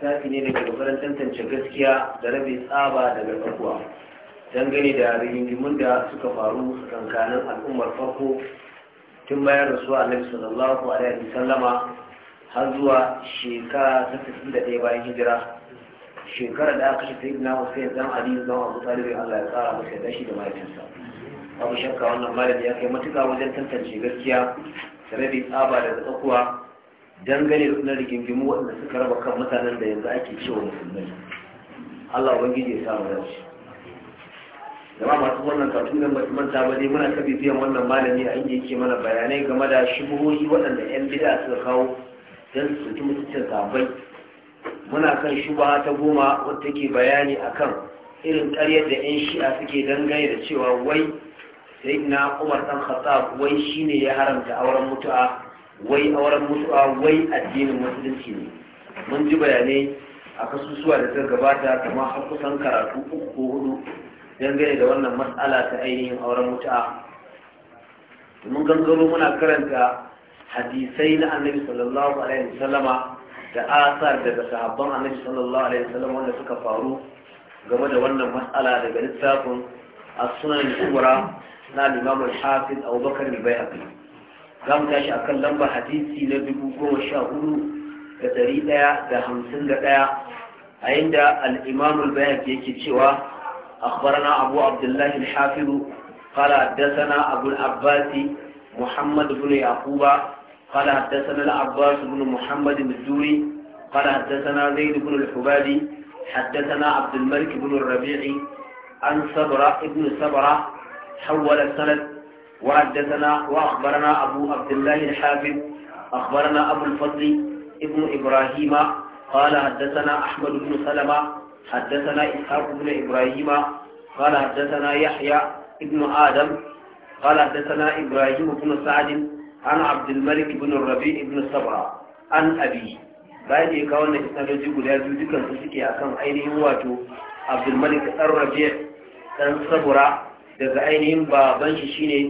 tare ne daga kokarin tantance gaskiya da rabe tsaba daga tsakuwa dangane da rigingimun da suka faru tsakankanin al'ummar farko tun bayan rasuwa annabi sallallahu alaihi sallama har zuwa shekara ta tafi da ɗaya bayan hijira shekara da aka shi na Hussein dan Ali dan Abu Talib Allah ya tsara masa da shi da mahaifinsa babu shakka wannan malami ya kai matuƙa wajen tantance gaskiya da rabe tsaba daga tsakuwa dangane da na rigingimu waɗanda suka raba kan mutanen da yanzu ake cewa musulmai Allah gije ya samu dace jama'a masu wannan kafin nan manta ba dai muna kabi biyan wannan malami a inda yake mana bayanai game da shubuhohi waɗanda yan bid'a suka kawo don su soki mutuncin sabai muna kan shubaha ta goma wadda take bayani akan irin karyar da yan shi'a suke dangane da cewa wai sai na Umar ɗan Khattab wai ne ya haramta auren mutu'a wai auren mutuwa wai addinin musulunci ne mun ji bayanai a kasusuwa da suka gabata kamar har kusan karatu uku ko hudu dangane da wannan matsala ta ainihin auren mutuwa mun gangaro muna karanta hadisai na annabi sallallahu alaihi wasallama da asar daga sahabban annabi sallallahu alaihi wasallama wanda suka faru game da wannan matsala daga littafin as-sunan al-kubra na al-imam al-hafiz Abu gamta mu tashi akan lambar hadisi na dubu goma sha hudu da dari daya da hamsin da daya a yadda al'imamul bayan yake cewa akbarana abu abdullahi shafiru kala haddasana abu abbasi muhammad ibn yaquba kala haddasana al-abbas ibn muhammad ibn kala haddasana zaid ibn al-hubadi haddasana عبد الملك بن الربيع عن صبرة ابن وحدثنا وأخبرنا أبو عبد الله الحافظ أخبرنا أبو الفضل ابن إبراهيم قال حدثنا أحمد بن سلمة حدثنا إسحاق بن إبراهيم قال حدثنا يحيى ابن آدم قال حدثنا إبراهيم بن سعد عن عبد الملك بن الربيع بن صبرة عن أبيه bayan da ya kawo wannan isnaloji guda biyu dukan su suke akan ainihin wato abdulmalik dan rabi dan sabura daga ainihin baban shi shine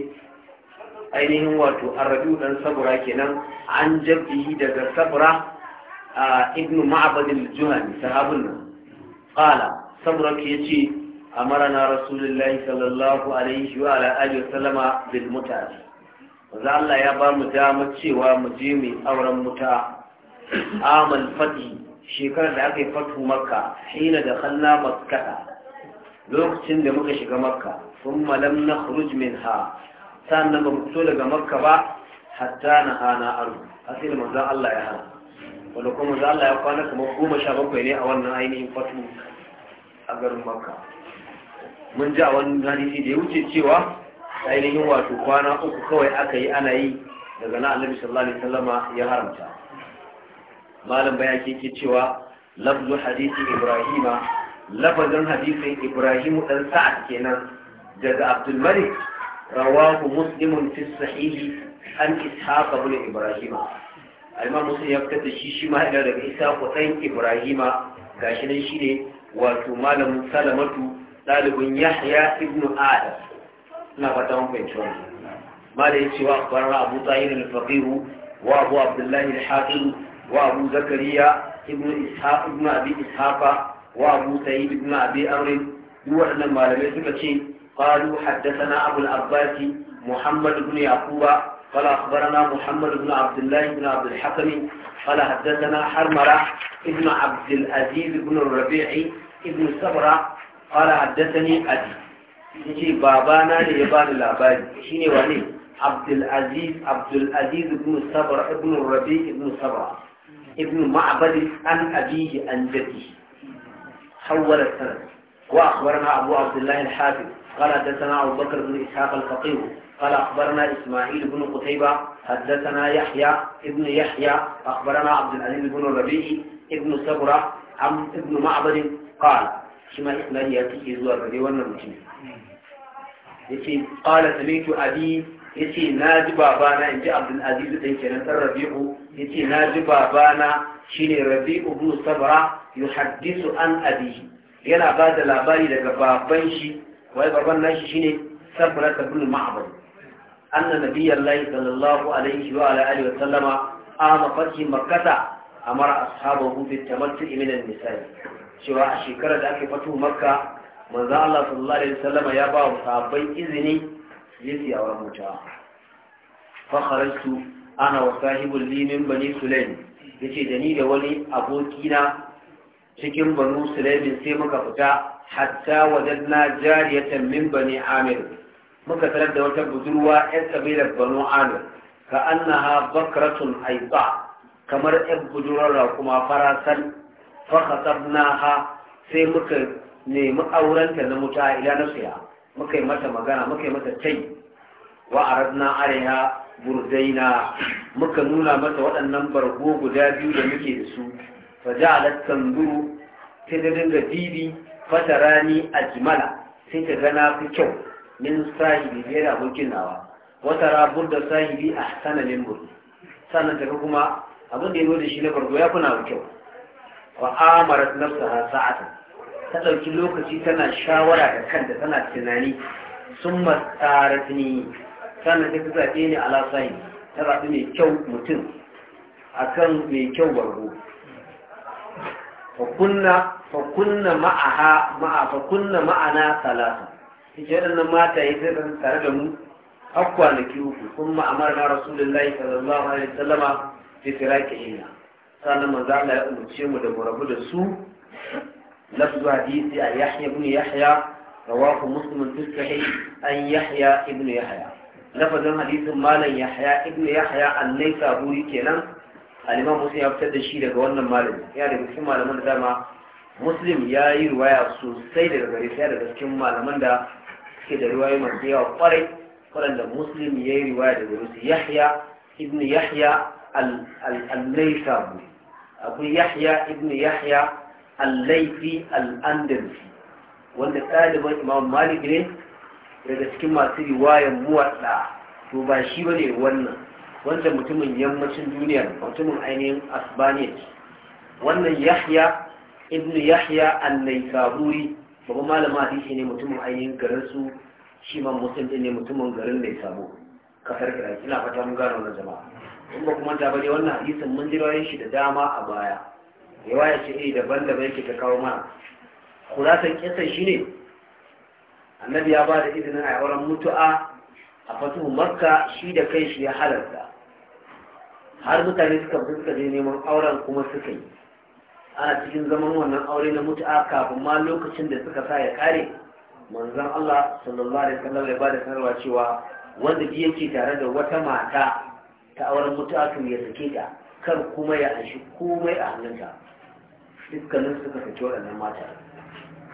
ainihin wato arrabi dan sabura kenan an jabbihi daga sabura ibnu ma'bad al-juhani sahabun nan qala sabura ke yace amarana rasulullahi sallallahu alaihi wa ala alihi sallama bil Allah ya ba mu damar cewa mu je mu auren muta amal fati shekarar da aka yi fatu makka hina da kalla makka lokacin da muka shiga makka sun malam na khuruj ha? sannan ba mu fito daga makka ba hatta na hana aru asali manzo Allah ya hana wanda kuma manzo Allah ya kwana kamar goma sha bakwai ne a wannan ainihin fatu a garin makka mun ji a wannan hadisi da ya wuce cewa ainihin wato kwana uku kawai aka yi ana yi daga na annabi sallallahu alaihi wasallama ya haramta malam bayaki ke cewa lafzu hadisi ibrahima lafazin hadisin ibrahimu dan sa'ad kenan daga abdul malik rawahu muslimun fi sahihi an ishaq ibn ibrahim al-imam ya fitar da shi shi ma daga ishaq ibn ibrahim gashi nan shine wato malamin salamatu ɗalibin yahya ibn adam na fata mun fahimci wannan mala yace abu tahir al-faqih wa abu abdullah al-hafiz wa abu zakariya ibn ishaq ibn abu duk waɗannan malamai suka ce قالوا حدثنا أبو العباس محمد بن يعقوب قال أخبرنا محمد بن عبد الله بن عبد الحكم قال حدثنا حرمرة ابن عبد العزيز بن الربيع ابن سبرة قال حدثني أبي يجي بابانا ليبان العباد شيني واني عبد العزيز عبد العزيز بن سبرة ابن الربيع ابن سبرة ابن معبد عن أبيه عن جده حول السند وأخبرنا أبو عبد الله الحافظ قال حدثنا أبو بكر بن إسحاق الفقيه قال أخبرنا إسماعيل بن قتيبة حدثنا يحيى ابن يحيى أخبرنا عبد العزيز بن الربيع ابن سبرة عم ابن معبد قال شما إسماعيل يأتي إذوى الربيع والنمتين يتي قال سميت أبي يتي ناجي بابانا إن جاء عبد العزيز تنكنا الربيع يتي ناجي بابانا شيني ربيع بن سبرة يحدث عن أبيه yana ba da labari daga baban shi wai babban nashi shine sarfara tabul ma'bad anna nabiyallahi sallallahu alaihi wa ala alihi wa sallama ama fathi makkata amara ashabahu bi tamattu min an-nisa'i cewa a shekarar da aka fito makka manzo Allah sallallahu alaihi wasallama ya ba wa sahabbai izini yin ziyawar mutawa fa kharajtu ana wa sahibin limin min bani sulaim yace da ni da wani abokina cikin banu sulaimin sai muka fita hatta wajadna jariyatan min bani amir muka tarar da wata budurwa yan kabilar banu amir ka annaha bakratun aiba kamar yan budurwar kuma farasan fakhasabnaha sai muka nemi aurenta na muta ila nasiha muka yi mata magana muka yi mata tai wa aradna arewa burdaina muka nuna mata waɗannan bargo guda biyu da muke da su fa ja'alat tanzuru ta dinga dibi fatarani ajmala sai ka gana fi kyau min sahibi fiye da abokin nawa wata rabur da sahibi a sana min sannan ta kuma abin da ya zo da shi na farko ya kuna kyau wa na nafsaha sa'atan ta ɗauki lokaci tana shawara da kanta tana tunani sun matsara ni sannan ta zaɓe ni ala sahibi ta zaɓi mai kyau mutum akan mai kyau bargo fakunna ma'aha ma'a fakunna ma'ana salatu shi waɗannan mata yi sai tare da mu har kwanaki uku kun ma'amar na rasulullahi sallallahu alaihi wasallama fi firaki ina sannan manzo Allah ya umarce mu da mu da su lafzu hadisi a yahya ibn yahya rawahu muslim fi sahih an yahya ibn yahya lafazin hadisin malam yahya ibn yahya an-naisaburi kenan al'imam muslim ya fitar da shi daga wannan malami ya daga cikin malaman da dama muslim ya yi ruwaya sosai daga gare shi daga cikin malaman da suke da ruwaye masu yawa kwarai waɗanda muslim ya yi ruwaya daga gare su yahya ibn yahya al-laisabu akwai yahya ibn yahya al-laifi al-andalusi wanda ɗaliban imam malik ne daga cikin masu riwayan muwaɗa to ba shi ba ne wannan wanda mutumin yammacin duniya mutumin ainihin asbaniya wannan yahya ibnu yahya an-naisaburi babu malama hadisi ne mutumin ainihin garin su shi ma muslim ne mutumin garin naisabo kasar kira ina fata mun gano wannan jama'a in ba kuma ta bane wannan hadisin mun ji rawayin shi da dama a baya riwaya ce eh daban-daban yake ta kawo mana kuratan kisan ne. annabi ya ba da izinin a yawaran mutu'a a fatuhu makka shi da kai shi ya halarta har mutane suka fuska suka je neman auren kuma suka yi ana cikin zaman wannan aure na mutu'a kafin ma lokacin da suka sa ya kare manzon Allah sallallahu alaihi wasallam ya bada sanarwa cewa wanda ji yake tare da wata mata ta auren mutu'a to ya sake ta kar kuma ya anshi komai a hannunta dukkanin suka saki waɗannan mata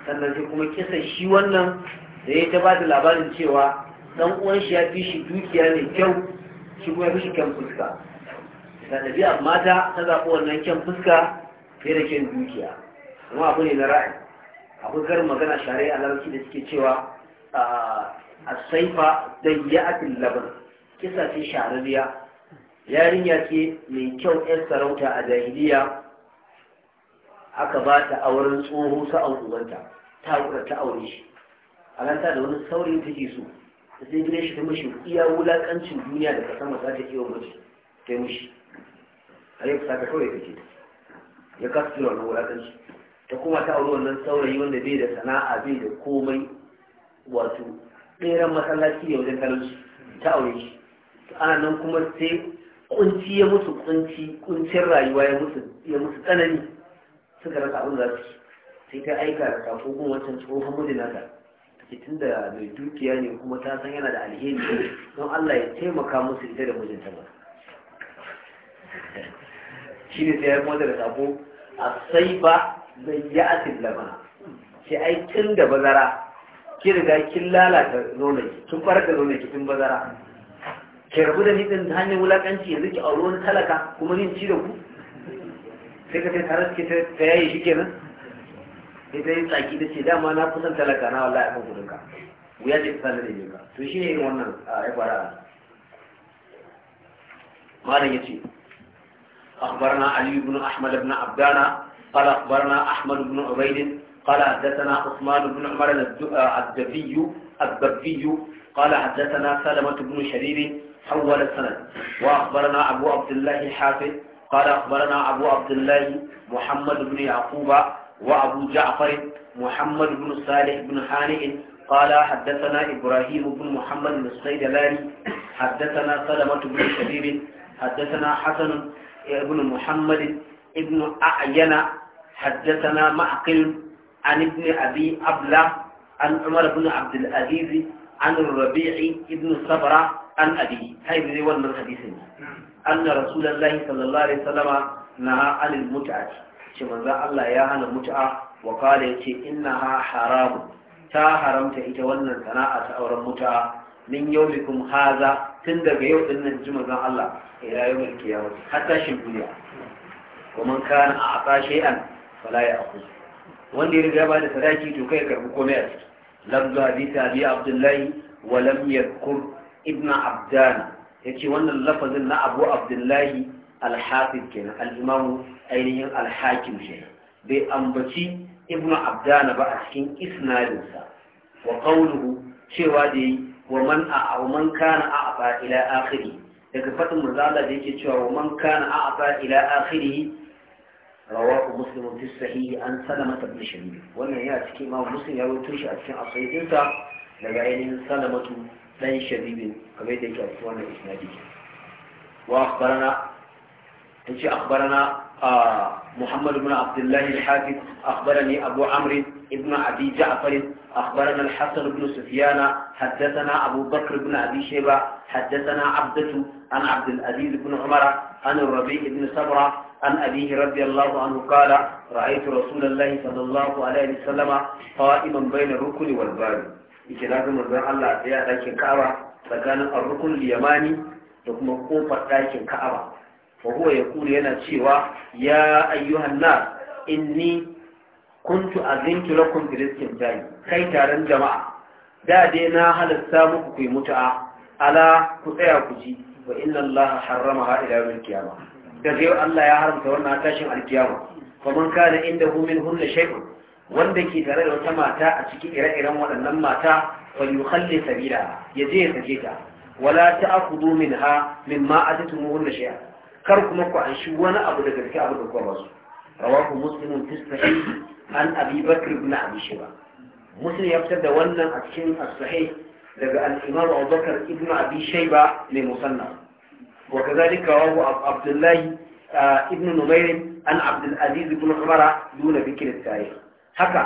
sannan sai kuma kisa shi wannan da ya ta ba da labarin cewa dan uwan shi ya fi shi dukiya mai kyau shi kuma ya fi shi kyan fuska da ɗabi'ar mata ta zaɓi wannan kyan fuska fiye da kyan dukiya kuma abu ne na ra'ayi akwai karin magana share a larabci da suke cewa a saifa don ya'atin labar kisa ce shahararriya. yarinya ce mai kyau 'yan sarauta a jahiliya aka ba ta auren tsoho sa'an uwanta ta haƙura ta aure shi alanta da wani ta take so da sai gina shi ta mashi iya wulaƙancin duniya da sama za ta iya mace ta mashi a yau saka kawai take ya kasu wannan shi ta kuma ta auri wannan saurayi wanda bai da sana'a bai da komai wato ɗeran masallaci ne wajen talauci ta aure shi ana nan kuma sai kunci ya musu kunci kuncin rayuwa ya musu tsanani suka rasa abin za su sai ta aika da kafo kuma wancan tsohon mijinata take da mai dukiya ne kuma ta san yana da alheri don Allah ya taimaka musu ita da mijinta ba shi ne sai ya kuma da sabo a sai ba zai yi a lamana sai ai tun da bazara ki riga kin lalata ki tun farar da ki tun bazara ke rabu da ni ta hanyar wulakanci yanzu ki auri wani talaka kuma ni ci da ku sai ka sai tare ke ta yayi shi kenan sai ta yi tsaki da ce dama na kusan talaka na wallahi akan gudun ka wuya ce kusa da ka to shi ne irin wannan ya fara malam ya ce أخبرنا علي بن أحمد بن عبدانا قال أخبرنا أحمد بن عبيد قال حدثنا عثمان بن عمر الدبي الدبي قال حدثنا سلمة بن شرير حول السند وأخبرنا أبو عبد الله حافظ قال أخبرنا أبو عبد الله محمد بن يعقوب وأبو جعفر محمد بن صالح بن حانئ قال حدثنا إبراهيم بن محمد بن الصيدلاني حدثنا سلمة بن شبيب حدثنا حسن ابن محمد ابن أعين حدثنا معقل عن ابن أبي أبلة عن عمر بن عبد العزيز عن الربيع ابن صبرة عن أبي هاي ذي ولد الحديث أن رسول الله صلى الله عليه وسلم نهى عن المتعة شمزا الله يا هنا المتعة وقال يتي إنها حرام تا حرمت إتولنا الثناءة أو المتعة من يومكم هذا tun daga yau din nan ji Allah ya yau mulki ya har tashin duniya kuma kana a aka an fala ya aku wanda ya riga ba da sadaki to kai karbi komai a ciki lam hadisi abi abdullahi wa lam yadhkur ibn abdan yace wannan lafazin na abu abdullahi al-hafiz kenan al-imamu ainihin al-hakim kenan bai ambaci ibn abdan ba a cikin isnadinsa wa qawluhu cewa da yi wa man a wa ila akhiri daga fadin manzo da yake cewa wa man kana a fa ila akhiri rawahu muslim fi sahih an salama ibn shahid wannan ya cikin ma muslim ya rawaito shi a cikin asaidin daga ainihin salamatu dan shabibin kamar da yake a cikin wannan isnadi wa akhbarana yace akhbarana محمد بن عبد الله الحافظ أخبرني أبو عمرو ابن أبي جعفر أخبرنا الحسن بن سفيان حدثنا أبو بكر بن أبي شيبة حدثنا عبدة عن عبد العزيز بن عمر عن الربيع بن صبرة عن أبيه رضي الله عنه قال رأيت رسول الله صلى الله عليه وسلم قائما بين الركن والباب إجلاز مرضان الله أتيا لكن كعبة فكان الركن اليماني لكم قوفة لكن كعبة وهو يقول هنا تشيوا يا أيها الناس إني kuntu azintu lakum bi rizqin jayi kai taron jama'a da dai na halatta muku ku yi mutu'a ala ku tsaya ku ji wa inna allaha harramaha ila yawmil qiyamah da zai Allah ya haramta wannan tashin alkiyama faman kana indahu min hulna shay'un wanda ke tare da wata mata a cikin ire-iren waɗannan mata fa yukhalli sabila ya je ya ta wala ta'khudhu minha mimma atitumuhunna shay'a kar kuma ku anshi wani abu daga cikin abu da kuka basu rawahu muslimun fi an abi bakr ibn abi shiba muslim ya fitar da wannan a cikin as daga al'imar imam abubakar ibn abi ba mai musannaf wa kazalika wa abdullahi ibn Numairin an abdul aziz ibn umara duna bikr tarikh haka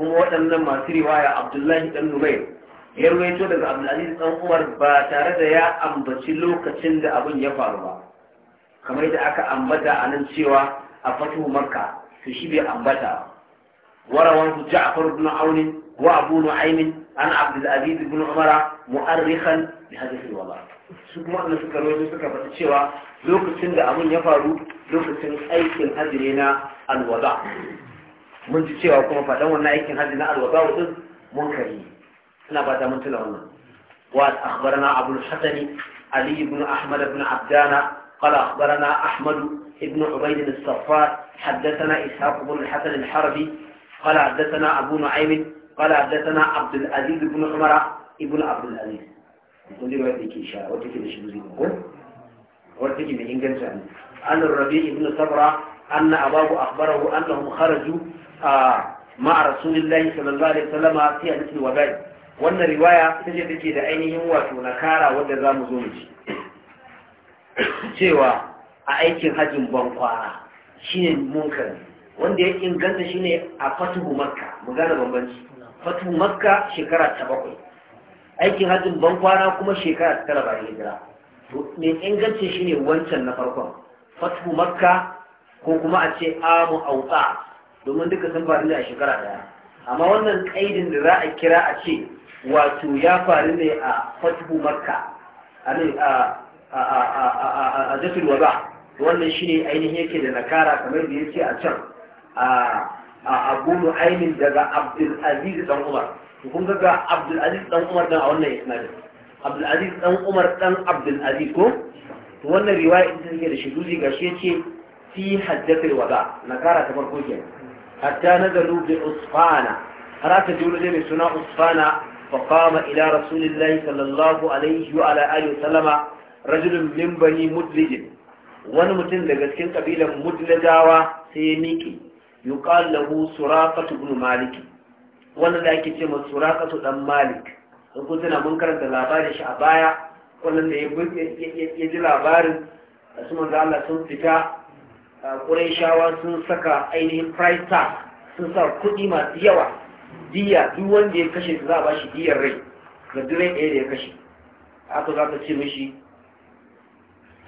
kuma waɗannan masu riwaya abdullahi dan numair ya ruwaito daga abdulaziz dan umar ba tare da ya ambaci lokacin da abin ya faru ba kamar da aka ambata a nan cewa a fatuhu makka to shi bai ambata warawan Ja'far ibn Aun wa Abu ana an Abdul Aziz ibn Umar mu'arrikhan bi hadith al-wala su kuma annabi suka rawaito suka faɗi lokacin da abun ya faru lokacin aikin hajji na al-wada mun ji cewa kuma faɗan wannan aikin hajji na al-wada din munkari ina ba ta mun tuna wannan wa akhbarana Abu al-Hasan Ahmad قال أخبرنا أحمد ابن عبيد الصفار حدثنا إسحاق بن الحسن الحربي قال حدثنا أبو نعيم قال حدثنا عبد العزيز بن عمر ابن عبد العزيز يقول لي رواية ذيك إشارة وتكي بشبوزي وتكي بإنجلسة عن الربيع بن صبرة أن أباه أخبره أنهم خرجوا آه مع رسول الله صلى الله عليه وسلم في حديث الوباء وأن رواية تجد كده أينهم واتو نكارا ودى ذا مزومج cewa a aikin hajjin shi shine munkar wanda ya inganta shine a fatuhu makka mu gane bambanci fatuhu makka shekara ta bakwai aikin hajjin bankwara kuma shekara ta tara bayan hijira mai shi shine wancan na farkon fatuhu makka ko kuma a ce amu auta domin duka sun faru ne a shekara daya amma wannan kaidin da za a kira a ce wato ya faru ne a fatuhu makka a a a a a a wannan shi ne ainihin yake da nakara kamar da yake a can a abunu ainin daga abdulaziz dan umar kun ga abdulaziz dan umar dan a wannan isnadin abdulaziz dan umar dan abdulaziz ko wannan riwaya ita take da shuduzi gashi yace fi hajjatul wada nakara kamar farko kenan hatta nazalu bi usfana har dole je mai suna usfana فقام إلى رسول الله alaihi wa عليه وعلى آله وسلم رجل من بني مدلج wani mutum daga cikin kabilan mudlajawa sai ya miƙe yuqal lahu suraqatu ibn maliki wanda da ake ce masu suraqatu ɗan malik ko suna mun karanta labarin shi a baya wannan da ya ji labarin su manzo Allah sun fita shawa sun saka ainihin price tax sun sa kuɗi masu yawa diya duk wanda ya kashe za a ba shi diyar rai ga duk ɗaya da ya kashe aka za ka ce mashi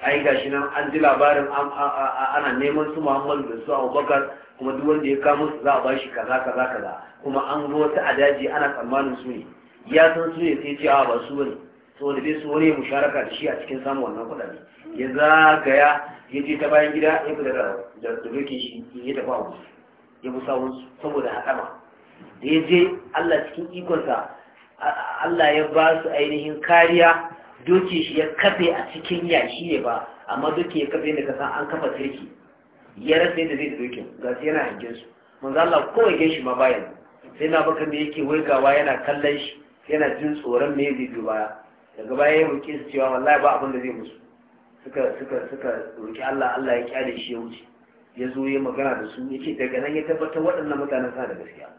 ai gashi nan an ji labarin ana neman su muhammadu da su abubakar kuma duk wanda ya kamo su za a bashi kaza kaza kaza kuma an zo wata adaji ana tsammanin su ne ya san su ne sai ce a ba su ne saboda bai su wani musharaka da shi a cikin samun wannan kuɗaɗe ya zagaya ya je ta bayan gida ya fita da dokin shi ya tafi a ya fi sawun saboda haɗama da ya je allah cikin ikonsa allah ya ba su ainihin kariya doki shi ya kafe a cikin yashi ne ba amma doki ya kafe da kasa an kafa turki ya rasa yadda zai doki ga su yana hangen su manzo Allah kawai gan shi ma bayan sai na baka me yake waigawa yana kallon shi yana jin tsoron me zai biyo baya daga baya ya roƙe su cewa wallahi ba abin da zai musu suka suka suka roƙi Allah Allah ya kyale shi ya wuce ya zo ya magana da su yake daga nan ya tabbatar waɗannan mutanen sa da gaskiya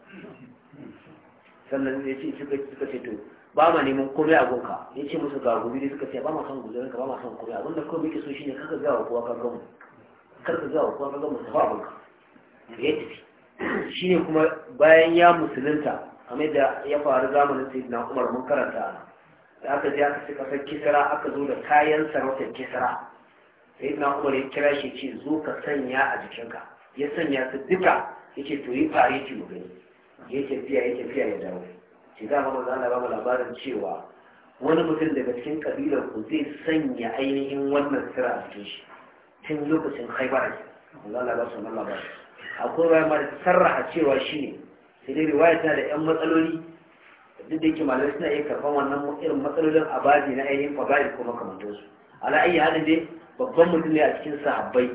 sannan ya ce suka ce to ba ma neman komai a gunka ya ce musu ga gobe suka ce ba ma son guzurinka ba ma son komai abinda da kawai muke so shine kaka ga wa kowa kaga mu karka ga wa kowa kaga mu safa abinka ya tafi shine kuma bayan ya musulunta kamar da ya faru zamanin na Umar mun karanta ana da aka je aka cika san kisra aka zo da kayan sarautar kisra na Umar ya kira shi ce zo ka sanya a jikinka ya sanya su duka yake to yi ki mu gani ya tafiya ya tafiya ya dawo ce da ma manzo ba mu labarin cewa wani mutum daga cikin kabilar ku zai sanya ainihin wannan sira a cikin shi tun lokacin Khaibar manzo Allah ba su wannan labarin akwai wani ma sarraha cewa shine sai dai riwaya ta da yan matsaloli duk da yake malamai suna iya karfan wannan irin matsalolin abadi na ainihin fadail kuma makamantansu ala ayi halin dai babban mutum ne a cikin sahabbai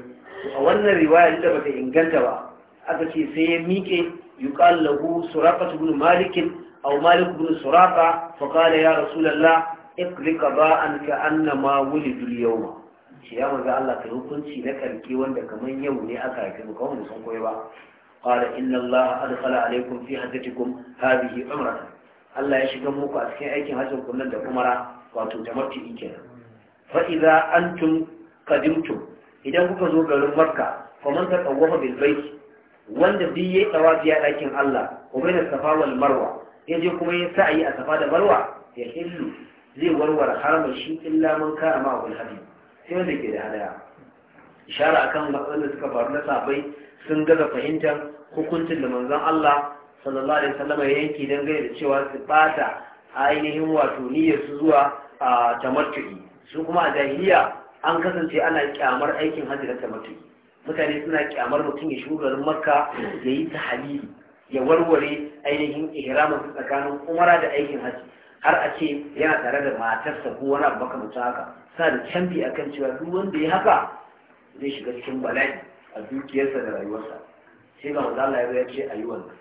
a wannan riwaya da bata inganta ba aka ce sai ya miƙe yuqal lahu suraqatu ibn malikin. أو مالك بن سراقة فقال يا رسول الله اقلق باء كأنما ولد اليوم shi ya maza Allah ka hukunci na karki wanda kaman yau ne aka haifi mu kawai sun koyi ba qala inna Allah adkhala alaykum fi hajjatikum hadhihi umrah Allah ya shiga muku a cikin aikin hajjin kullun da umara wato tamattu kenan fa idza antum qadimtum idan kuka zo garin Makka faman ta tawwafa wanda bi yayi tawafi ya dakin Allah wa bayna safa marwa ya je kuma ya sa'ayi a safa da barwa ya hillu zai warware haramar shi illa man kara ma abul hadin sai wanda ke da hadaya ishara akan matsalolin da suka faru na sabai sun gaza fahimtar hukuncin da manzon Allah sallallahu alaihi wasallam ya yanki dangane da cewa su bata ainihin wato niyyar su zuwa a tamattu'i su kuma a jahiliya an kasance ana kyamar aikin hajji na tamattu'i mutane suna kyamar mutum ya shugaban makka ya yi ta halili ya warware ainihin ihramin tsakanin umara da aikin Haji. har a ce yana tare da matarsa ko wani abu mutu haka sa da canbi akan cewa duk wanda ya haka zai shiga cikin bala'i a dukiyarsa da rayuwarsa sai ga wanda Allah ya ce a yi wannan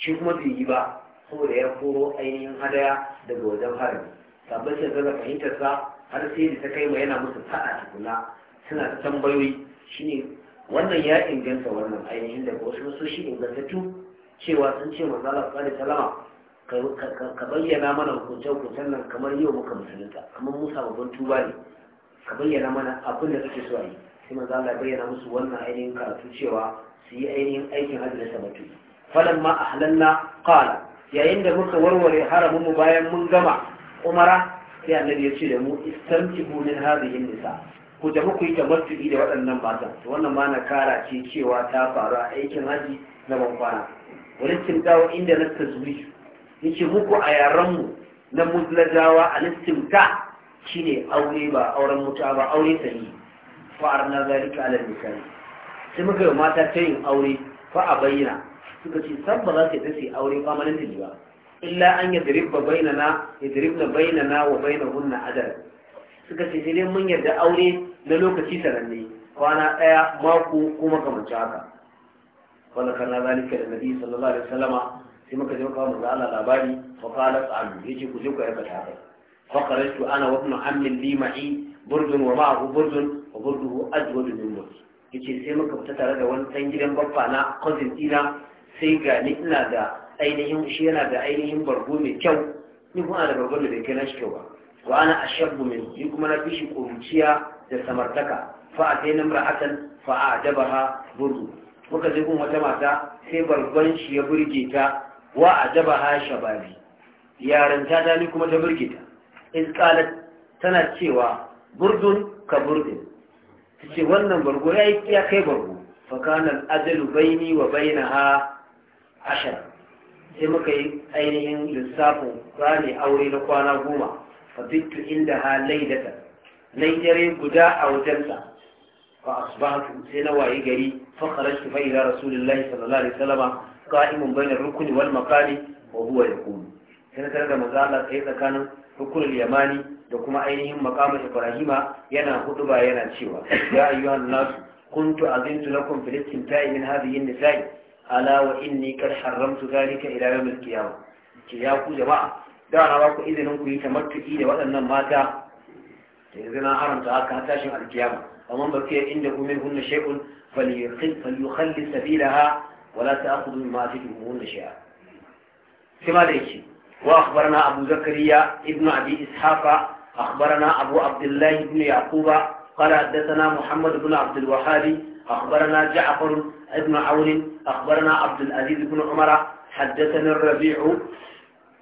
shi kuma bai yi ba saboda ya koro ainihin hadaya daga wajen harami sabbin sai fahimtar fahimtarsa har sai da ta kai ma yana musu sa'a tukuna suna ta tambayoyi shine wannan ya inganta wannan ainihin daga wasu wasu shi ingantattu cewa sun ce manzo Allah Salama ka bayyana mana hukuncen nan kamar yau muka musulunta kamar Musa babban tuba ne ka bayyana mana abin da suke so a yi sai ya bayyana musu wannan ainihin karatu cewa su yi ainihin aikin hajji da sabatu falan ma a ahlanna kala yayin da muka warware haramun mu bayan mun gama umara sai annabi ya ce da mu isanci bunin hadhihi nisa ku tafi ku yi tamattu'i da waɗannan matan wannan ma na kara ce cewa ta faru a aikin hajji na kwana. والاستمتاع عندنا التزويج yace muku a yarenmu na mutlajawa a shi ne aure ba auren mutuwa ba aure sani, fa'ar na zalika alar misali sai muka yi mata ta yin aure fa a bayyana suka ce san ba za su yi ta aure permanently ba illa an ya diribba bayyana ya na bayyana wa hunna adar suka ce sai dai mun yarda aure na lokaci sananne kwana daya mako kuma kamar haka wanda kana zalika da nabi sallallahu alaihi wasallama sai muka je kawo manzo Allah labari fa qala ta'alu yake ku je ku aikata haka fa qara'tu ana wa ibn ammi li ma'i burdun wa ma'ahu burdun wa burduhu ajwad min mut Yake sai muka fita tare da wani san gidan baffa na cousin dina sai ga ni ina da ainihin shi yana da ainihin bargo mai kyau ni kuma da bargo da bai kai na shi kyau ba wa ana ashabbu min ni kuma na fi shi kuruciya da samartaka fa ataina imra'atan fa a'jabaha burdu muka je kun wata mata sai barban shi ya burge ta wa ajaba ha shababi yaranta ta ni kuma ta burge ta in tana cewa burdun ka Ta tace wannan bargo yayi ya kai bargo fa kana ajalu baini wa bainaha ashar sai muka yi ainihin lissafin rani aure na kwana goma fa bitu inda ha laidata laidare guda a wajensa فأصبحت سينا وإيجري فخرجت فإلى رسول الله صلى الله عليه وسلم قائم بين الركن والمقال وهو يقول سينا ترى مزالة سيدة كان ركن اليماني وكما أينهم مقام إبراهيم ينا خطبة ينا تشيوى يا أيها الناس كنت أذنت لكم في الاستمتاع من هذه النساء ألا وإني قد حرمت ذلك إلى يوم القيامة يا جماعة دعنا باكو إذنكم يتمتعي لوأن ماتا إذن حرمت هكذا تاشم القيامة ومن بقي عنده منهن شيء فليخل سبيلها ولا تأخذ مما تجرمهن شيئا كما ليش وأخبرنا أبو زكريا ابن أبي إسحاق أخبرنا أبو عبد الله بن يعقوب قال حدثنا محمد بن عبد الوهاب أخبرنا جعفر بن عون أخبرنا عبد العزيز بن عمر حدثني الربيع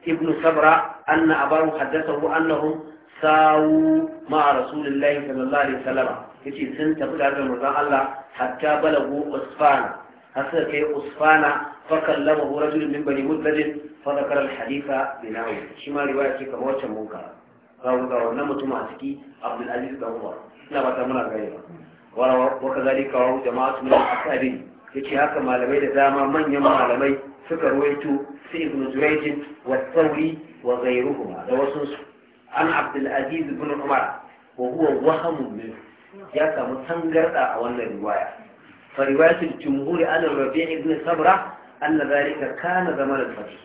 ابن صبرة أن أباه حدثه أنهم ساووا مع رسول الله صلى الله عليه وسلم yace sun tafi tare da manzon Allah hatta balagu usfana har suka kai usfana fa kallamahu rajulun min bani mudlajin fa dhakara al-haditha bi nawi shi ma riwaya ce kamar wacce mun ka ga wannan mutum a ciki Abdul Aziz da Umar ina ba ta muna gani ba wa kazalika wa jama'atu min al-ashabi yace haka malamai da dama manyan malamai suka ruwaito su ibnu Jurayj wa Thawri wa ghayruhuma da wasu an Abdul Aziz ibn Umar wa huwa wahamun minhu ya samu tangarda a wannan riwaya fa riwayatul jumhur ala rabi' ibn sabra anna zalika kana zaman al fati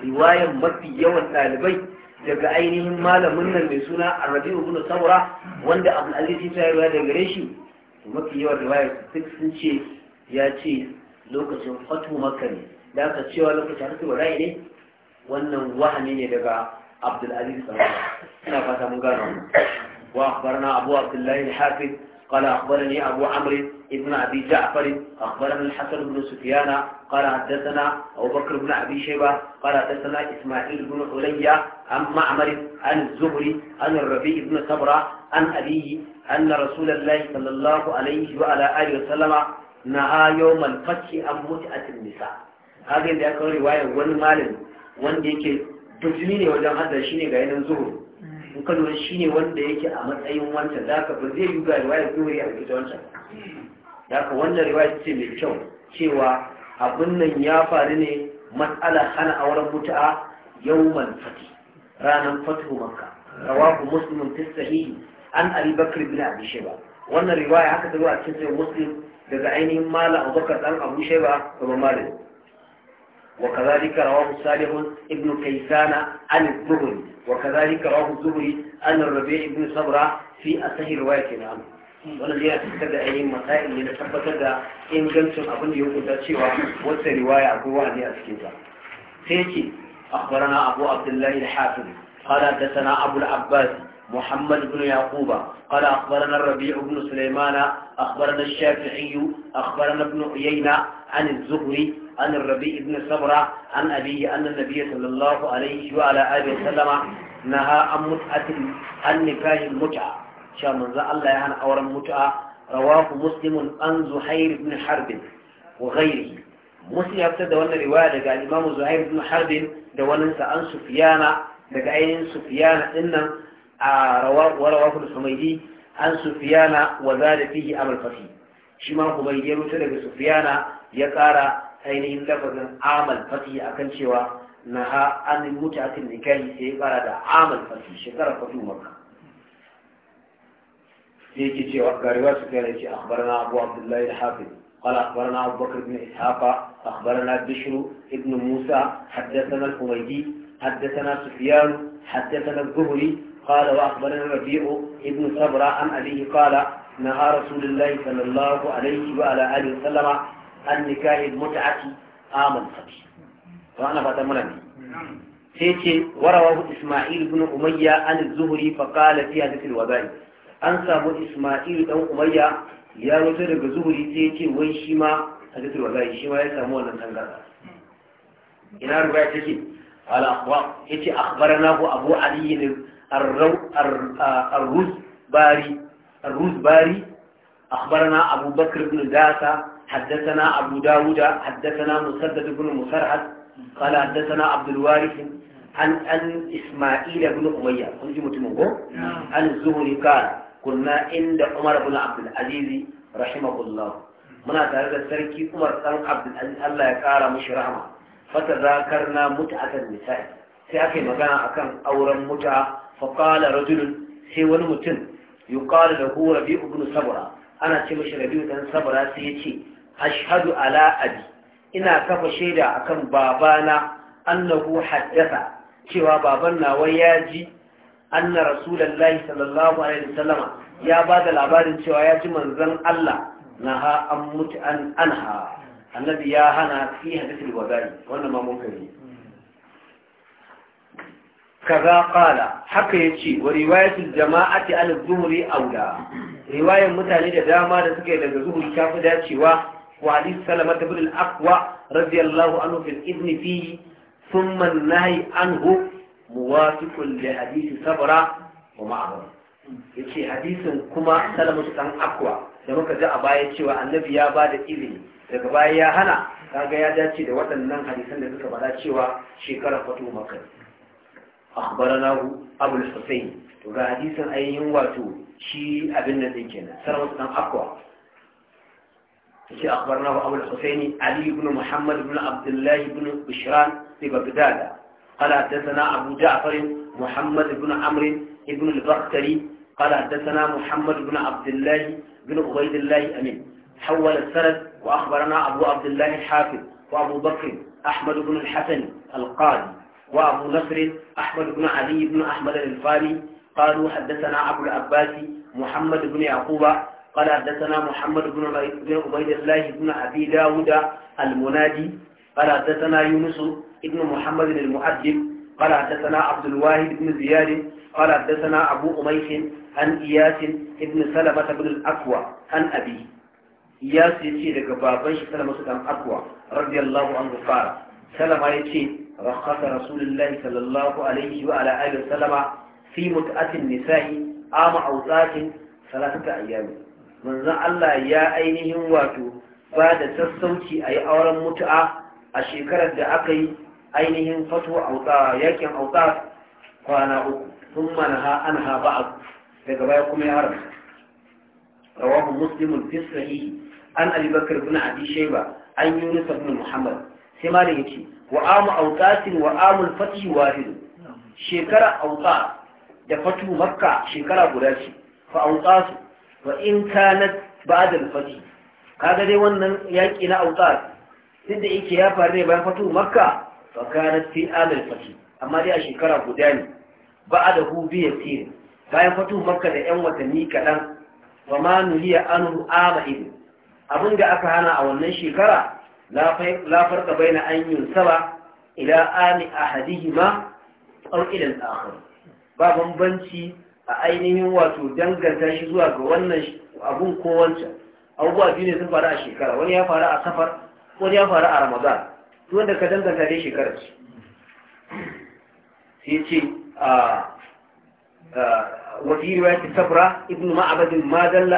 riwaya mafi yawan dalibai daga ainihin malamin nan mai suna Ar-Rabi' ibn sabra wanda abul aziz ya riwaya daga gare shi mafi yawan riwaya duk sun ce ya ce lokacin fatu makka ne da aka cewa lokacin fatu rai ne wannan wahani ne daga abdul aziz wasallam ina fata mun gano وأخبرنا أبو عبد الله الحافظ قال أخبرني أبو عمرو بن أبي جعفر أخبرنا الحسن بن سفيان قال حدثنا أبو بكر بن أبي شيبة قال حدثنا إسماعيل بن عليا عن معمر عن الزهري عن الربيع بن صبرة عن أبيه أن رسول الله صلى الله عليه وعلى آله وسلم نهى يوم الفتح عن متعة النساء هذه اللي أكبر رواية ونمال وندي كي بجنيني وجمع هذا الشيء غير الزهري in ka lura wanda yake a matsayin wancan da aka ba zai yi ga riwayar ya a rikita wancan da haka wannan riwaya ce mai kyau cewa abin nan ya faru ne matsala hana auren mutu'a yawman fati ranar fatihu makka rawahu muslimun fi sahihi an Ali bakr bin abi shayba wannan riwaya haka ta zo a cikin muslim daga ainihin mala abubakar dan abu shayba ba malik وكذلك رواه صالح ابن كيسان عن الزهري وكذلك رواه الزهري عن الربيع بن صبرة في أسهل رواية عنه wannan ya fitar da ainihin masail ne na tabbatar da ingancin abin da ya hukunta cewa wata riwaya akwai wa'azi a cikin sa sai ce akhbarana abu abdullahi al-hafiz qala dasa abu al-abbas محمد بن يعقوب قال أخبرنا الربيع بن سليمان أخبرنا الشافعي أخبرنا ابن عيينة عن الزهري عن الربيع بن سبرة عن أبيه أن النبي صلى الله عليه وعلى آله وسلم نهى عن متعة عن نكاح المتعة شامن ذا الله يعني أورا متعة رواه مسلم عن زهير بن حرب وغيره مسلم ابتدى وانا رواية قال الإمام زهير بن حرب دوننسى عن سفيان daga ainihin sufiyana dinnan آه، ورواه الحميدي عن سفيان وزاد فيه أمر فخي شما حميدي يقول سفيان يقارى أين إن لفظا عمل فخي أكن شوى نها عن المتعة النكاية سيقارى دا عمل فخي شكرا فخي مكة سيكي شوى قارواة سفيان أخبرنا أبو عبد الله الحافظ قال اخبرنا ابو بكر بن اسحاق اخبرنا بشر ابن موسى حدثنا الحميدي حدثنا سفيان حدثنا الزهري قال وأخبرنا الربيع ابن صبرا عن أبيه قال نهى رسول الله صلى الله عليه وعلى آله وسلم عن نكاح المتعة عام الخبيث وأنا فتمنى سيتي ورواه إسماعيل بن أمية عن الزهري فقال في حديث الوباء أنسى إسماعيل بن أمية يا رجل الزهري سيتي ويشيما حديث الوباء شيما يسمون أن إنها رواية تجي قال أخبار يتي أخبرناه أبو علي الرزباري الرزباري أخبرنا أبو بكر بن داسة حدثنا أبو داود حدثنا مسدد بن مسرحد قال حدثنا عبد الوارث عن أن إسماعيل بن أمية كنت متمنه عن الزهري قال كنا عند عمر بن عبد العزيز رحمه الله منا تارد السركي عمر بن عبد العزيز الله يكارم شرحمه فتذاكرنا متعة النساء sai aka yi magana akan auren muta faƙala rajulun sai wani mutum yuqalu da rabi ibn sabra ana ce mashi rabi'u ɗan sabra sai ya ce ashhadu ala abi ina kafa shaida a kan babana annahu haddatha cewa baban nawa ya ji anna rasulullahi sallallahu alaihi wasallama ya ba da labarin cewa ya ji manzon Allah ha an mutu an anha annabi ya hana fi hadithul wada'i wannan ma kaza kala haka ce wa riwayatul jama'ati al zuhri aula riwayan mutane da dama da suke daga zuhri ta fi dacewa wa hadith salama ibn al aqwa radiyallahu anhu fil ibn fi thumma an-nahy anhu muwafiqun li hadith sabra wa ma'ahu yace hadisin kuma salama dan aqwa da muka ji a baya cewa annabi ya bada izini daga baya ya hana kaga ya dace da waɗannan hadisan da suka bada cewa shekara fatu makka akhbaranahu abu al-husayn to ga hadisin ainihin wato shi abin nan din kenan sarwa dan akwa shi akhbaranahu abu al-husayn ali ibn muhammad ibn abdullah ibn bishran fi baghdad قال حدثنا أبو جعفر محمد بن عمرو بن البختري قال حدثنا محمد بن عبد الله بن عبيد الله أمين حول السند وأخبرنا أبو عبد الله الحافظ وأبو بكر أحمد بن الحسن القاضي وأبو نصر أحمد بن علي بن أحمد الفاري قالوا حدثنا أبو العباس محمد بن يعقوب قال حدثنا محمد بن عبيد الله بن أبي داود المنادي قال حدثنا يونس بن محمد المؤدب قال حدثنا عبد الواحد بن زياد قال حدثنا أبو أميح عن إياس بن سلمة بن الأكوى عن أبي إياس يتي لك بابن سلمة بن الأكوى رضي الله عنه قال سلمة يتي رخص رسول الله صلى الله عليه وعلى آله وسلم في متأة النساء عام أوساط ثلاثة أيام من الله يا أينهم واتو بعد تسوتي أي أورا متأة الشكرة دعقي أينهم فتو أوطاء يكن أوطاء فأنا ثم نهى أنها بعض فقبائكم يا عرب رواه مسلم في الصحيح عن أبي بكر بن عدي شيبة عن يونس بن محمد sai ma da yake Wa'amu aukatin Wa'amun fatihi wahidu shekara auka da fatu makka shekara guda ce fa su wa in kanat ba da fathi kaga dai wannan yaki na auka duk da yake ya faru ne bayan fatu makka fa kanat fi Amin Fati. amma dai a shekara guda ne da hu bi yasir bayan fatu makka da yan watanni kadan wa ma nuhiya anhu ama Abin abinda aka hana a wannan shekara Lafar farka baina an yunsaba ila ami ahadihima aw ila al-akhar ba bambanci a ainihin wato danganta shi zuwa ga wannan abun ko wancan abubuwa biyu sun faru a shekara wani ya faru a safar wani ya faru a ramadan to wanda ka danganta dai shekarar ce sai ce a وفي رواية سبرة ابن معبد ما دل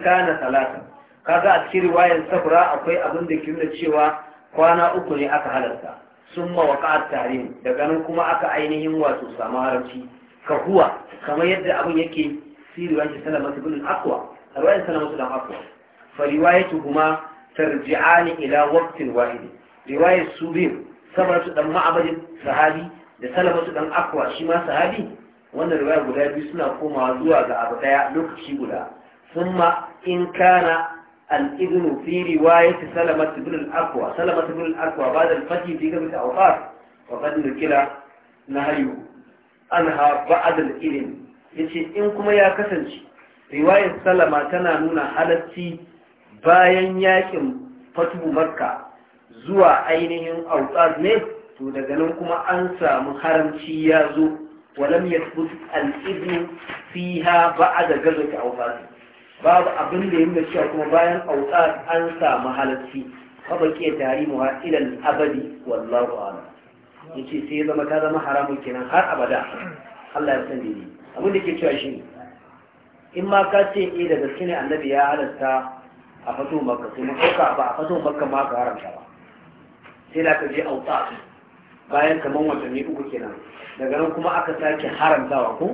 Kana, أن kaga a cikin riwayar safra akwai abin da ke nuna cewa kwana uku ne aka halarta sun mawaƙa tare daga nan kuma aka ainihin wato samu haramci ka huwa kamar yadda abin yake fi riwayar salamatu bin akwa a riwayar salamatu dan akwa fa riwayatu kuma tarji'ani ila waqtin wahid riwayar sabar su dan ma'abadin sahabi da salamatu dan akwa shi ma sahabi wannan riwaya guda biyu suna komawa zuwa ga abu daya lokaci guda summa in kana الإذن في رواية سلمة بن الأقوى سلمة بن الأقوى بعد الفتح في قبل الأوقات وقد نكلا نهيه أنها بعد الإذن yace in kuma ya kasance riwayar salama tana nuna halarci bayan yakin fatuhu makka zuwa ainihin autsaz ne to daga nan kuma an samu haramci ya zo walam yasbut al-ibnu fiha ba'da gazwati autsaz babu abin da yanda cewa kuma bayan auta an samu halarci fa baki tarimu ha ila abadi wallahu a'lam yace sai ya zama ta zama haramun kenan har abada Allah ya san dai abin da ke cewa shi in ma ka ce eh da gaske ne annabi ya halarta a fato makka sai mun ɗauka ba a fato makka ma ka haramta ba sai da ka je auta bayan kaman watanni uku kenan daga nan kuma aka sake haramtawa ko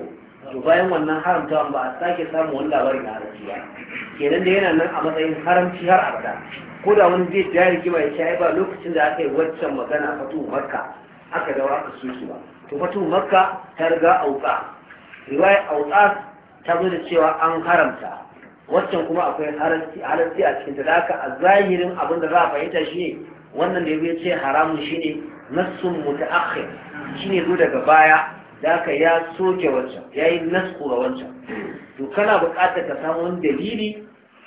to bayan wannan haramtawan ba a sake samu wani labarin na haramci ba kenan da yana nan a matsayin haramci har abada ko da wani zai ja rigima ya shayi ba lokacin da aka yi waccan magana a fatu makka aka dawo aka soke ba to fatu makka ta riga auka riwaya auka ta zo da cewa an haramta waccan kuma akwai haramci a cikin da a zahirin abin da za a fahimta shi ne wannan da ya ce haramun shi ne nassun mutaakhir shi ne zo daga baya da aka ya soke wancan ya yi nasku ga wancan to kana buƙatar ka samu wani dalili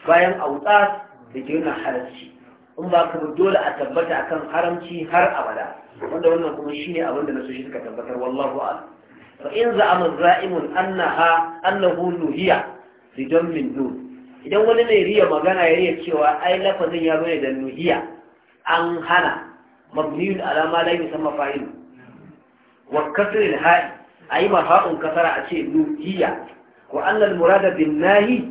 bayan auta da ke nuna halarci in ba ka dole a tabbata akan haramci har abada wanda wannan kuma shine abin da shi suka tabbatar wallahu a'lam fa in za'ama za'imun annaha annahu nuhiya bi dammin nun idan wani mai riya magana ya riya cewa ai lafazin ya bane da nuhiya an hana mabniyun alama ma la yusamma fa'ilu wa kasr al ha'i a yi mafa'un kasara a ce ruhiya wa annal murada bin nahi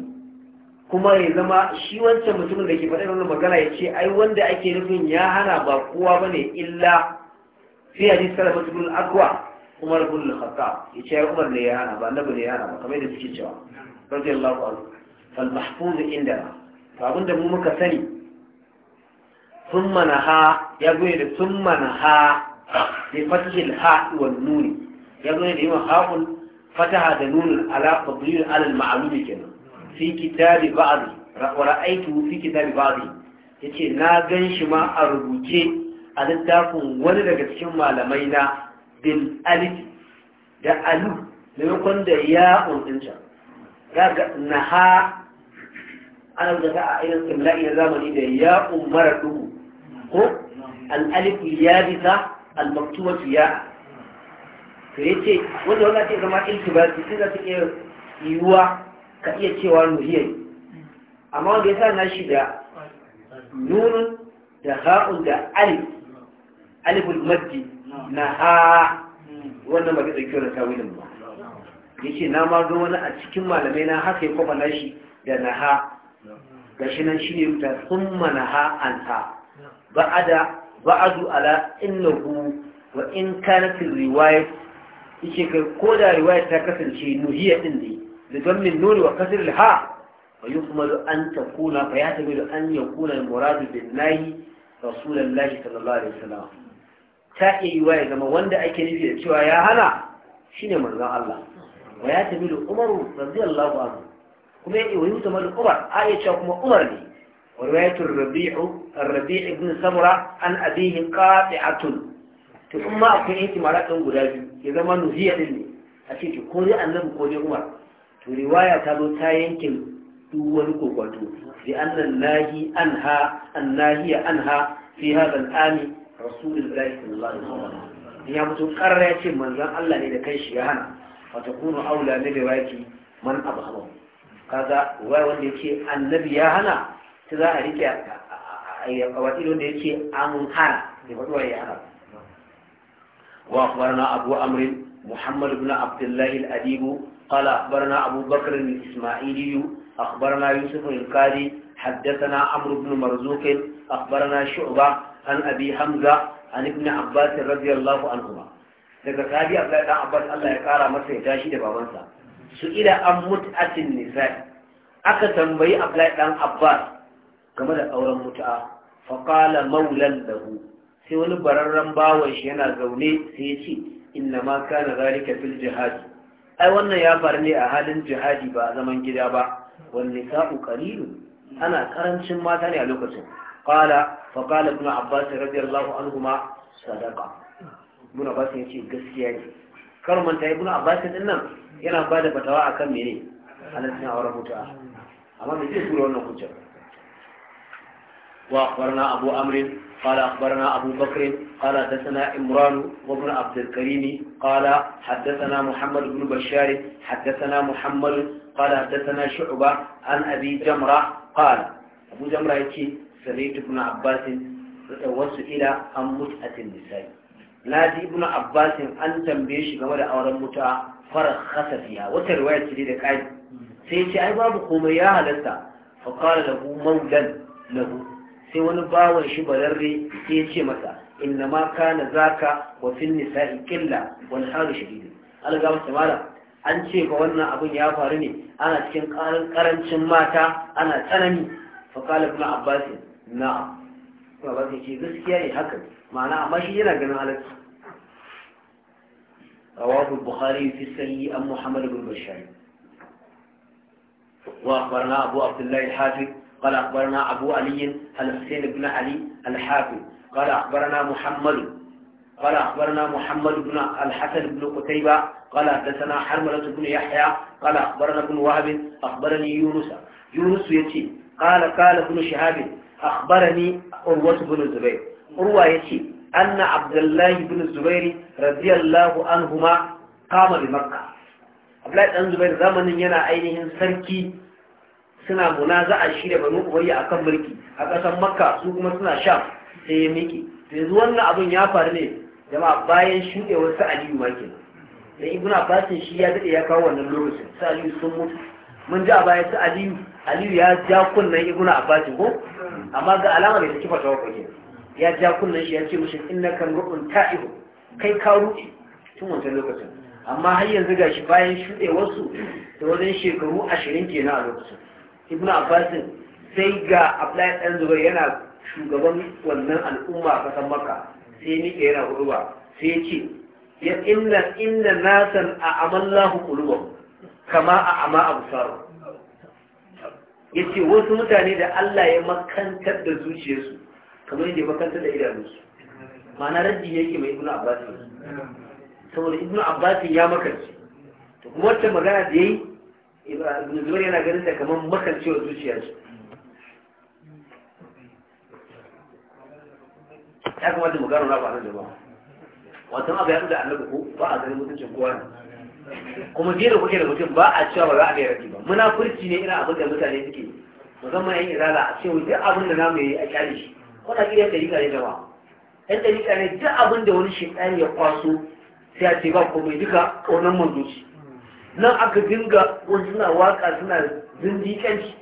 kuma ya zama shi wancan mutumin da ke faɗi wannan magana ya ce ai wanda ake nufin ya hana ba kowa ba ne illa fi hadis kala mutumin akwa umar bin al-khattab ya ce umar ne ya hana ba annabi ne ya hana ba kamar yadda suke cewa radiyallahu anhu fal mahfuz inda to abinda mu muka sani thumma ha, ya goye da thumma ha, bi fathil ha wal nuni ya zo da yawan haƙul fataha da nunin ala fadlil alal ma'lumi kenan fi kitabi ba'd wa ra'aytu fi kitabi Ya ce na gan shi ma a rubuce a littafin wani daga cikin malamai na bil alif da alu maimakon da ya undunta ga naha ana rubuta a irin imla'i na zamani da ya umara duhu ko al alif ya bisa al maktubatu ya to ya ce wanda wanda ce zama ba su za su iya yiwuwa ka iya cewa nuhiyar amma wanda ya sa na shi da nunun da ha'un da alif alifin maddi na ha wannan ba da kyau da tawilin ba ya ce na mazo wani a cikin malamai na haka ya na shi da na ha ga shi nan shi ne rubuta sun mana ha an ha a ba'adu ala inna hu wa in kana fil riwayat yake kai ko da riwaya ta kasance nuhiya din ne da zammin nuni wa kasir ha wa yukmalu an takuna fa ya tabiru an yakuna al-muradu billahi rasulullahi sallallahu alaihi wasallam ta iya yiwa ya zama wanda ake nufi da cewa ya hana shine manzon Allah wa ya tabiru umaru radiyallahu anhu kuma yake wayu ta malu umar a ya ce kuma umar ne wa riwayatul rabi'u ar-rabi' ibn samura an abihi qati'atun to in ma akwai yanki mara ɗan guda biyu ya zama nuhiya ɗin ne a cikin ko dai annabi ko dai umar to riwaya ta zo ta yankin duk wani kokwato bi annan nahi anha annahiya anha fi hadha al-ami rasulullahi sallallahu alaihi wasallam ya mutu karra ya ce manzon Allah ne da kai shi ya hana fa takunu aula ne da waki man abahama kaga wai wanda yake annabi ya hana ta za a rike a wati wanda yake amun hana ne wadwa ya hana وأخبرنا أبو أمر محمد بن عبد الله الأديب قال أخبرنا أبو بكر الإسماعيلي أخبرنا يوسف القاضي حدثنا عمرو بن مرزوق أخبرنا شعبة عن أبي حمزة عن ابن عباس رضي الله عنهما daga sabi Abdullahi dan Abbas Allah ya kara masa ya tashi da babansa su ila an mut'atin nisa'i aka tambayi Abdullahi dan Abbas game da auren mut'a fa qala maulan lahu sai wani bararren bawon shi yana zaune sai ya ce inna ma kana zalika fil jihadi ai wannan ya faru ne a halin jihadi ba a zaman gida ba wal nisa'u qalilu ana karancin mata ne a lokacin qala fa qala ibn abbas radiyallahu anhuma sadaqa ibn abbas ya ce gaskiya ne kar manta ibn abbas din nan yana bada fatawa akan mene halaccin auren mutuwa amma me zai tura wannan hujja wa akhbarna abu amrin قال أخبرنا أبو بكر قال حدثنا إمران وابن عبد الكريم قال حدثنا محمد بن بشار حدثنا محمد قال حدثنا شعبة عن أبي جمرة قال أبو جمرة يتي سمعت ابن عباس وسئل عن متعة النساء نادي ابن عباس أن تنبيش كما أورا متعة فرخص فيها وترواية تريد كعيد سيتي أي باب قوم يا هلسة فقال له مولا له sai wani bawan shi bararre sai ya ce masa inna ma kana zaka wa fil nisa'i qilla wal haru shadid alga wata mala an ce fa wannan abun ya faru ne ana cikin karancin mata ana tsanani fa qala ibn abbas na'am ba ba ce gaskiya ne haka ma'ana amma shi yana ganin rawahu رواه fi في السيء muhammad ibn bashir Wa akhbarna abu abdullah Al-Hafi? قال أخبرنا أبو علي الحسين بن علي الحافظ قال أخبرنا محمد قال أخبرنا محمد بن الحسن بن قتيبة قال حدثنا حرملة بن يحيى قال أخبرنا ابن وهب أخبرني يونس يونس يتي قال قال ابن شهاب أخبرني عروة بن الزبير عروة يتي أن عبد الله بن الزبير رضي الله عنهما قام بمكة عبد الله بن الزبير زمن ينا أينهم سركي suna a shi da banu umayya akan mulki a ƙasar makka su kuma suna sha sai ya miƙe yanzu wannan abin ya faru ne jama'a bayan shuɗewar sa aliyu ma ke dan ibnu abbas shi ya dade ya kawo wannan lokacin su aliyu sun mutu mun ji a baya su aliyu aliyu ya ja kunnan ibnu abbas ko amma ga alama bai saki fatawa wakoke ya ja kunnan shi ya ce mushi innaka ru'un ta'ib kai ka ruɗe tun wancan lokacin amma har yanzu gashi bayan wasu da wajen shekaru ashirin kenan a lokacin ibn abbasin sai ga abdullahi dan zubair yana shugaban wannan al'umma a kasan maka sai ke yana huruba sai ya ce ya inna inna nasan a amallahu qulubuhum kama a ama ya yace wasu mutane da Allah ya makantar da zuciyarsu kamar yadda ya makantar da idanunsu ma'ana raddi yake mai ibn abbas saboda ibn abbas ya makarci to kuma wata magana da yayi ibn zubair yana ganin ta kamar makancewa zuciya ce ya kamata mu gano na ba nan da ba wato ma bayan da annabi ko ba a ganin mutuncin kowa ne kuma je da kuke da mutum ba a cewa ba za a ga yarki ba muna furci ne irin abin da mutane suke musamman yan izala a cewa duk abin da namu yi a kyale shi na gida da rika ne jama'a yan da rika ne duk abin da wani shekani ya kwaso sai a ce ba komai duka ƙaunar manzoci nan aka dinga wani suna waka suna zindikanci,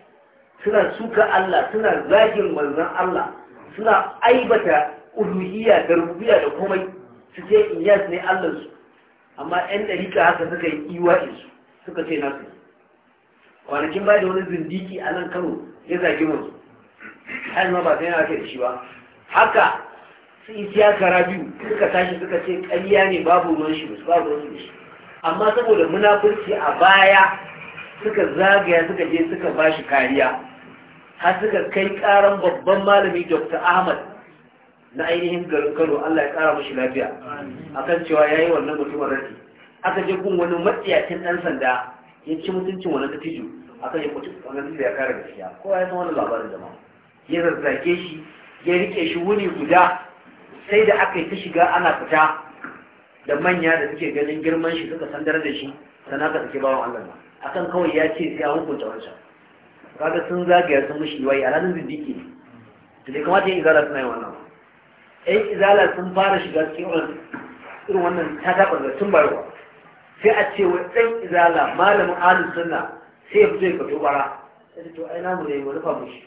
suna suka Allah suna zagin manzan Allah suna aibata uluhiyya da rubiya da komai su ce iyas ne su amma 'yan ɗarika haka suka yi su suka ce nasu kwanakin baya da wani zindiki a nan kano ya zagi mansu hain ma ba sai yana da shi ba haka su isiya kara biyu suka tashi suka ce ƙarya ne babu ruwan shi babu ruwan shi amma saboda munafurci a baya suka zagaya suka je suka ba shi kariya har suka kai karan babban malami dr ahmad na ainihin garin kano allah ya kara mashi lafiya akan cewa ya yi wannan mutumin rafi aka je gun wani matsiyacin ɗan sanda ya ci mutuncin wani dattijo aka yi mutu wani da ya kare gaskiya kowa ya san wani labarin jama'a ya zazzage shi ya rike shi wuni guda sai da aka yi ta shiga ana fita da manya da suke ganin girman shi suka sandar da shi sana ka sake bawan Allah akan kawai ya ce sai a hukunta wancan kaga sun zagaya sun mushi wai alhalin zindiki ne to dai kamata yin izala suna yin wannan ɗan izala sun fara shiga cikin irin wannan ta taɓa da tun barwa sai a ce wa ɗan izala malamin ahlus sunna sai ya fito ya fito bara sai to ai namu ne mu rufa mushi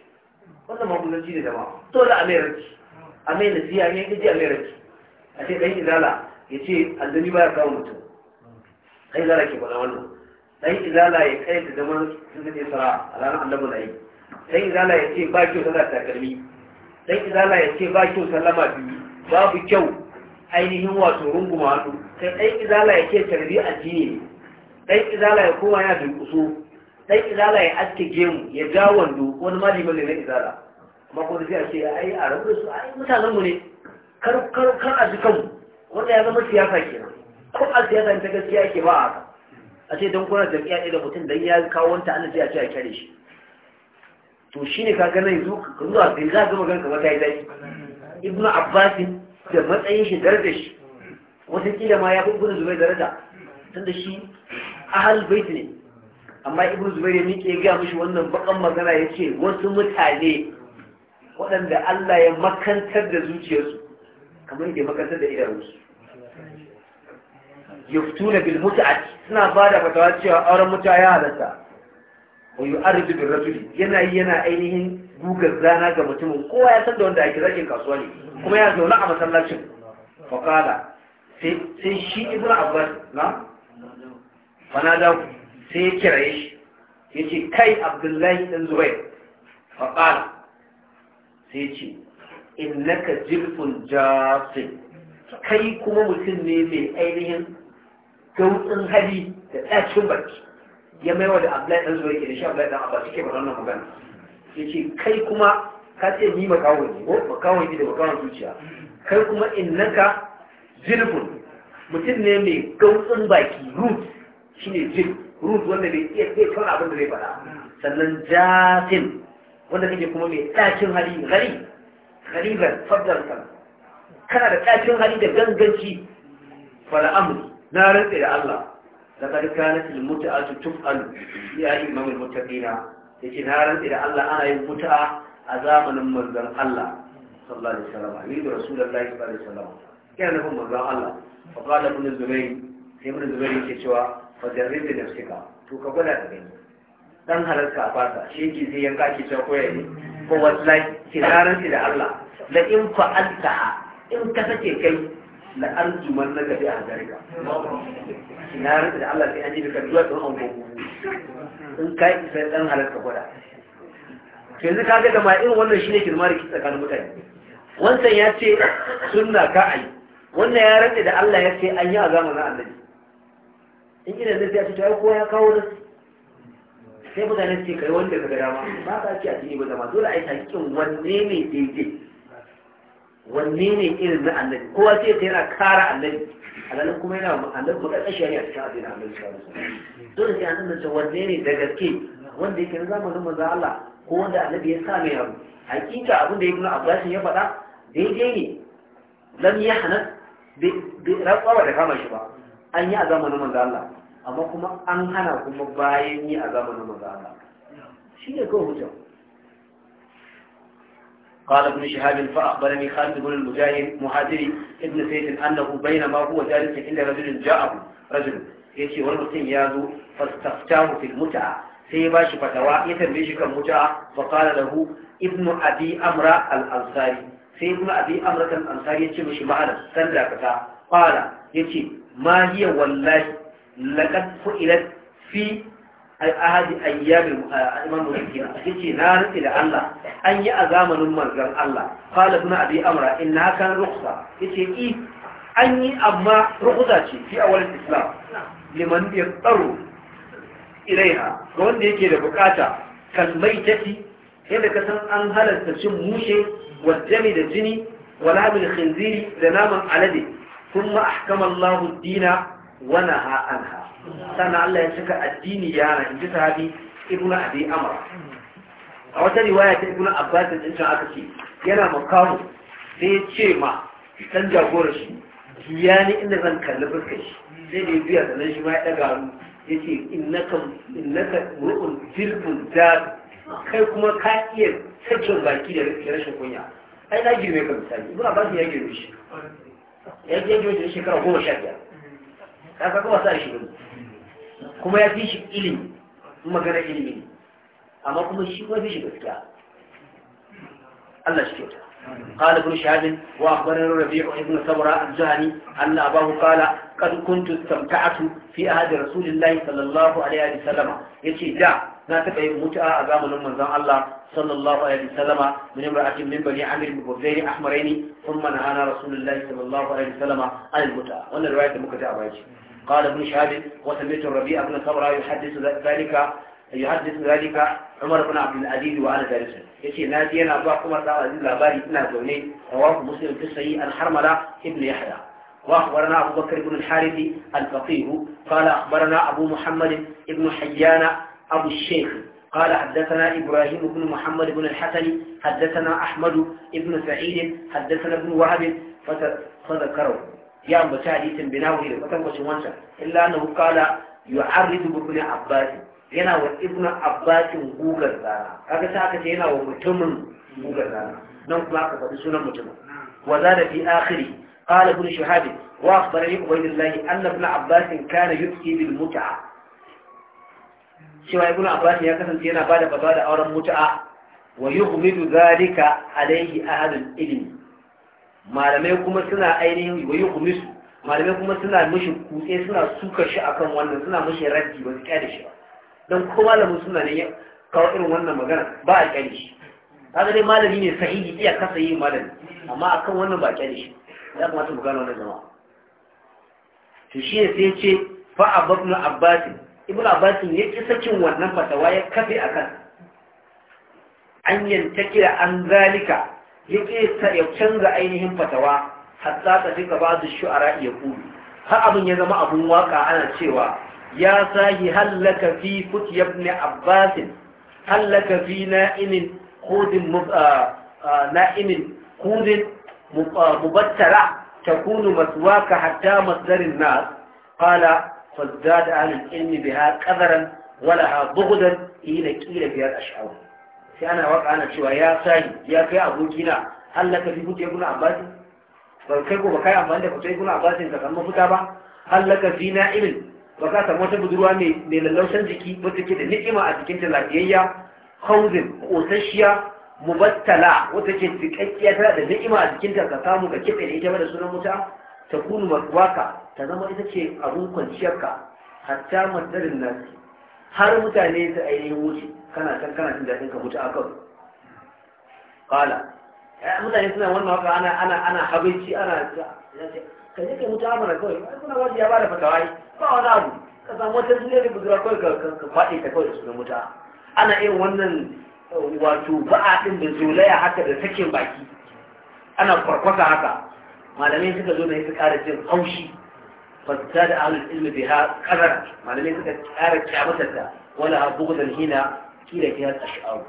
wannan magulanci ne da ma to da mai rarki a ne ya ji a a ce ɗan izala ya ce aljani ya kawo mutum sai zara ke faɗa wannan sai izala ya kai da zaman sun da sara a ranar annabi na yi sai izala ya ce ba kyau sallar takalmi sai izala ya ce ba kyau sallama biyu babu kyau ainihin wato runguma hannu sai ɗan izala ya ce tarbi addini ne ɗan izala ya koma ya durƙuso ɗan izala ya aske gemu ya ga wando wani malami ne na izala amma ko da sai a ce ai a rabu su ai mutanen mu ne kar kar kar a ji wanda ya zama siyasa ke nan ko a siyasa ta gaskiya ke ba haka a ce don kuna jam'iyya ɗaya da mutum don ya kawo wanta ana sai a ce a kyare shi to shi ne kaga nan yanzu ka zuwa bin za gama kamar ta yi zai ibn abbasin da matsayin shi daraja shi watakila ma ya bubbuna zubai daraja tun da shi ahal bait ne amma ibn zubai ya miƙe gaya mishi wannan bakan magana ya ce wasu mutane waɗanda Allah ya makantar da zuciyarsu kamar da makasar da idanunsu yaftuna bil mut'ati suna ba da fatawa cewa auren mutuwa ya halatta wa yu'arridu bil rajuli yana yi yana ainihin gugar zana ga mutumin kowa ya san da wanda ake zakin kasuwa ne kuma ya zauna a masallacin faqala sai sai shi ibnu abbas na ku. sai ya kiraye shi yace kai abdullahi dan zubair faqala sai ya ce innaka jirfun jasin kai kuma mutum ne mai ainihin gautsin hali da ɗacin baki ya maiwa da abdullahi dan zuwa yake da shi abdullahi dan abbas yake wannan magana yace kai kuma ka ce ni makawo ne ko makawo ne da makawo zuciya kai kuma innaka jirfun mutum ne mai gautsin baki root shine jir root wanda bai iya sai kan abin da zai faɗa sannan jasin wanda kake kuma mai ɗacin hali gari غريبا فضل Kana da kacin hali da ganganci fala amri na rantsa da Allah da laqad kanat a mut'atu tuf'alu ya imam al muttaqina yace na rantsa da Allah ana yin mut'a a zamanin manzon Allah sallallahu alaihi wasallam ni da rasulullahi sallallahu alaihi wasallam yana nufin manzon Allah fa qala munin zubayr sai ibn zubayr ke cewa fa jarrib da nafsika to ka gwada da gani dan halarta a fata shi yake zai yanka ke cewa koyaye ko wallahi kiraran shi da Allah la in fa'alta in ka sake kai na la arjuman naka bi hadarika kiraran da Allah sai an ji ka duwa don an in ka kai sai dan halarka gwada yanzu ka ga gama irin wannan shi ne kirma da kisa tsakanin mutane wancan ya ce sunna ka ai wannan ya rantsa da Allah ya ce an yi a zamanin annabi in ina da ya ce to ai ko ya kawo nasu sai mutane ce kai wanda ka dama ba ka ce cikin ba zama dole a yi hakikin wanne ne daidai wanne ne irin na annabi kowa sai ta yana kara annabi alalin kuma yana annabi makarƙashi ne a cikin abin annabi dole sai an san da wanne ne da gaske wanda yake na zamanin manzo Allah ko wanda annabi ya sa mai abu hakika abin da ibnu abbas ya faɗa daidai ne lam yahna bi rafawa da kama shi ba an yi a zamanin manzo Allah amma kuma an hana kuma bayan yi a zamanin maza shi ne kawai hujja قال ابن شهاب فأخبرني خالد بن المجاهد مهاجري ابن سيد أنه بينما هو جالس إلا رجل جاءه رجل يأتي والمسلم يازو فاستفتاه في المتعة سيباش فتوى يتنبيش كالمتعة فقال له ابن أبي أمرة الأنصاري سي ابن أبي أمرة الأنصاري يأتي مش معنا سندا قال يأتي ما هي والله laqad fu'ilat fi a ayyamin imam mulki ce na rike da Allah an yi a zamanin manzon Allah qala ibn abi amra inna kan rukhsa yace i an yi amma rukhsa ce fi wani islam liman tsaro ilaiha ga wanda yake da bukata kan maitati yadda ka san an halarta cin mushe wajami da jini wala bil khinziri da naman alade kuma ahkama lahu dina wana ha anha sannan Allah ya cika addini ya in ji sahabi ibnu abi amr a wata riwaya ta ibnu abbas din can aka ce yana makamu sai ya ce ma dan jagorar shi juya ni inda zan kalli fuskar shi sai da ya biya sannan shi ma ya daga hannu ya ce innaka innaka ru'un zirfun da kai kuma ka iya sakin baki da rashin kunya ai na girme ka misali ibnu abbas ya girme shi ya girme shi shekara goma sha biyar ka kuma wasa shi kuma ya fi shi ilimi magana ilimi amma kuma shi kuma fi shi gaskiya Allah shi kyauta قال ابن شهاب واخبرنا ربيع بن سمره الجهني ان اباه قال قد كنت استمتعت في عهد رسول الله صلى الله عليه وسلم يجي دا na taɓa yin mutu'a a zamanin manzon Allah sallallahu alaihi wasallama min imra'atin min bani Amir bin Buzairi Ahmaraini thumma nahana Rasulullahi sallallahu alaihi wasallama an mutu'a wannan riwaya da muka ji a قال ابن شهاب وسمعت الربيع بن ثورة يحدث ذلك يحدث ذلك عمر بن عبد العزيز وانا جالس يسير ناديا انا ابو عمر بن بارئ العزيز لاباري رواه مسلم في الصحيح الحرملة ابن يحيى واخبرنا ابو بكر بن الحارث الفقيه قال اخبرنا ابو محمد بن حيان ابو الشيخ قال حدثنا إبراهيم بن محمد بن الحسن حدثنا أحمد بن سعيد حدثنا ابن وهب فذكره ya ambaci hadisin binawi da kwatankwacin wancan illa na hukala yu'arridu bi ibn abbas yana wa ibn abbas gugar rana kaga sai aka ce yana wa mutumin gugar rana nan kuma aka faɗi sunan mutumin wa zada fi akhiri qala ibn shihab wa akhbarani ubaydullah anna ibn abbas kana yubki bil mut'a cewa ibn abbas ya kasance yana bada fatawa da auren mut'a wa yughmidu dhalika alayhi ahlul ilm malamai kuma suna ainihin wayi kumisu malamai kuma suna mishi kutse suna suka shi akan wannan suna mishi raddi ba su kyale shi ba don ko malamin suna ne kawo irin wannan magana ba a kyale shi kaga dai malami ne sahihi iya kasa yin malami amma akan wannan ba a kyale shi ya kamata mu gano wannan jama'a to shi sai ya ce fa ababnu abbasin ibn abbasin ya ƙi sakin wannan fatawa ya kafe akan an yantakira an zalika yake ya canza ainihin fatawa hatta ta duka ba da shu'ara ya kulu har abin ya zama abun waka ana cewa ya sahi hallaka fi fut ibn abbas hallaka fi na'imin khudin na'imin khudin mubattara takunu maswaka hatta masdarin nas qala فازداد أهل العلم بها قدرا ولها بغدا حين biyar a الأشعار sai ana waka ana cewa ya sani ya kai abokina Allah ka fi fito guna ba kai ko ba kai amfani da fito ya guna abbasin ka samu mafuta ba Allah ka fi na'imin ba ka samu wata budurwa mai lallausan jiki wata ke da ni'ima a jikinta lafiyayya hauzin kosasshiya mubattala wata ke cikakkiya tana da ni'ima a ta ka samu ka kife da ita da sunan wuta ta kunu waka ta zama ita ce abun kwanciyarka hatta matsarin nasi har mutane su ainihin wuce kana can kana jin daɗin ka mutu a kan kala eh, mutane suna wannan haka ana ana ana habaici ana ka je ka mutu mana kawai kuna wajen ya bada fatawa yi ba wani abu ka samu wata zuwa da budura kawai ka faɗi ta kawai su sunan mutu ana yin wannan wato ba'a ɗin da zolaya haka da sakin baki ana kwarkwasa haka malamai suka zo na yi su ƙara jin haushi فازداد أهل العلم بها قدرا ما لم يكن أرى كعبتها ولا بغضا هنا كلا كلا الأشعار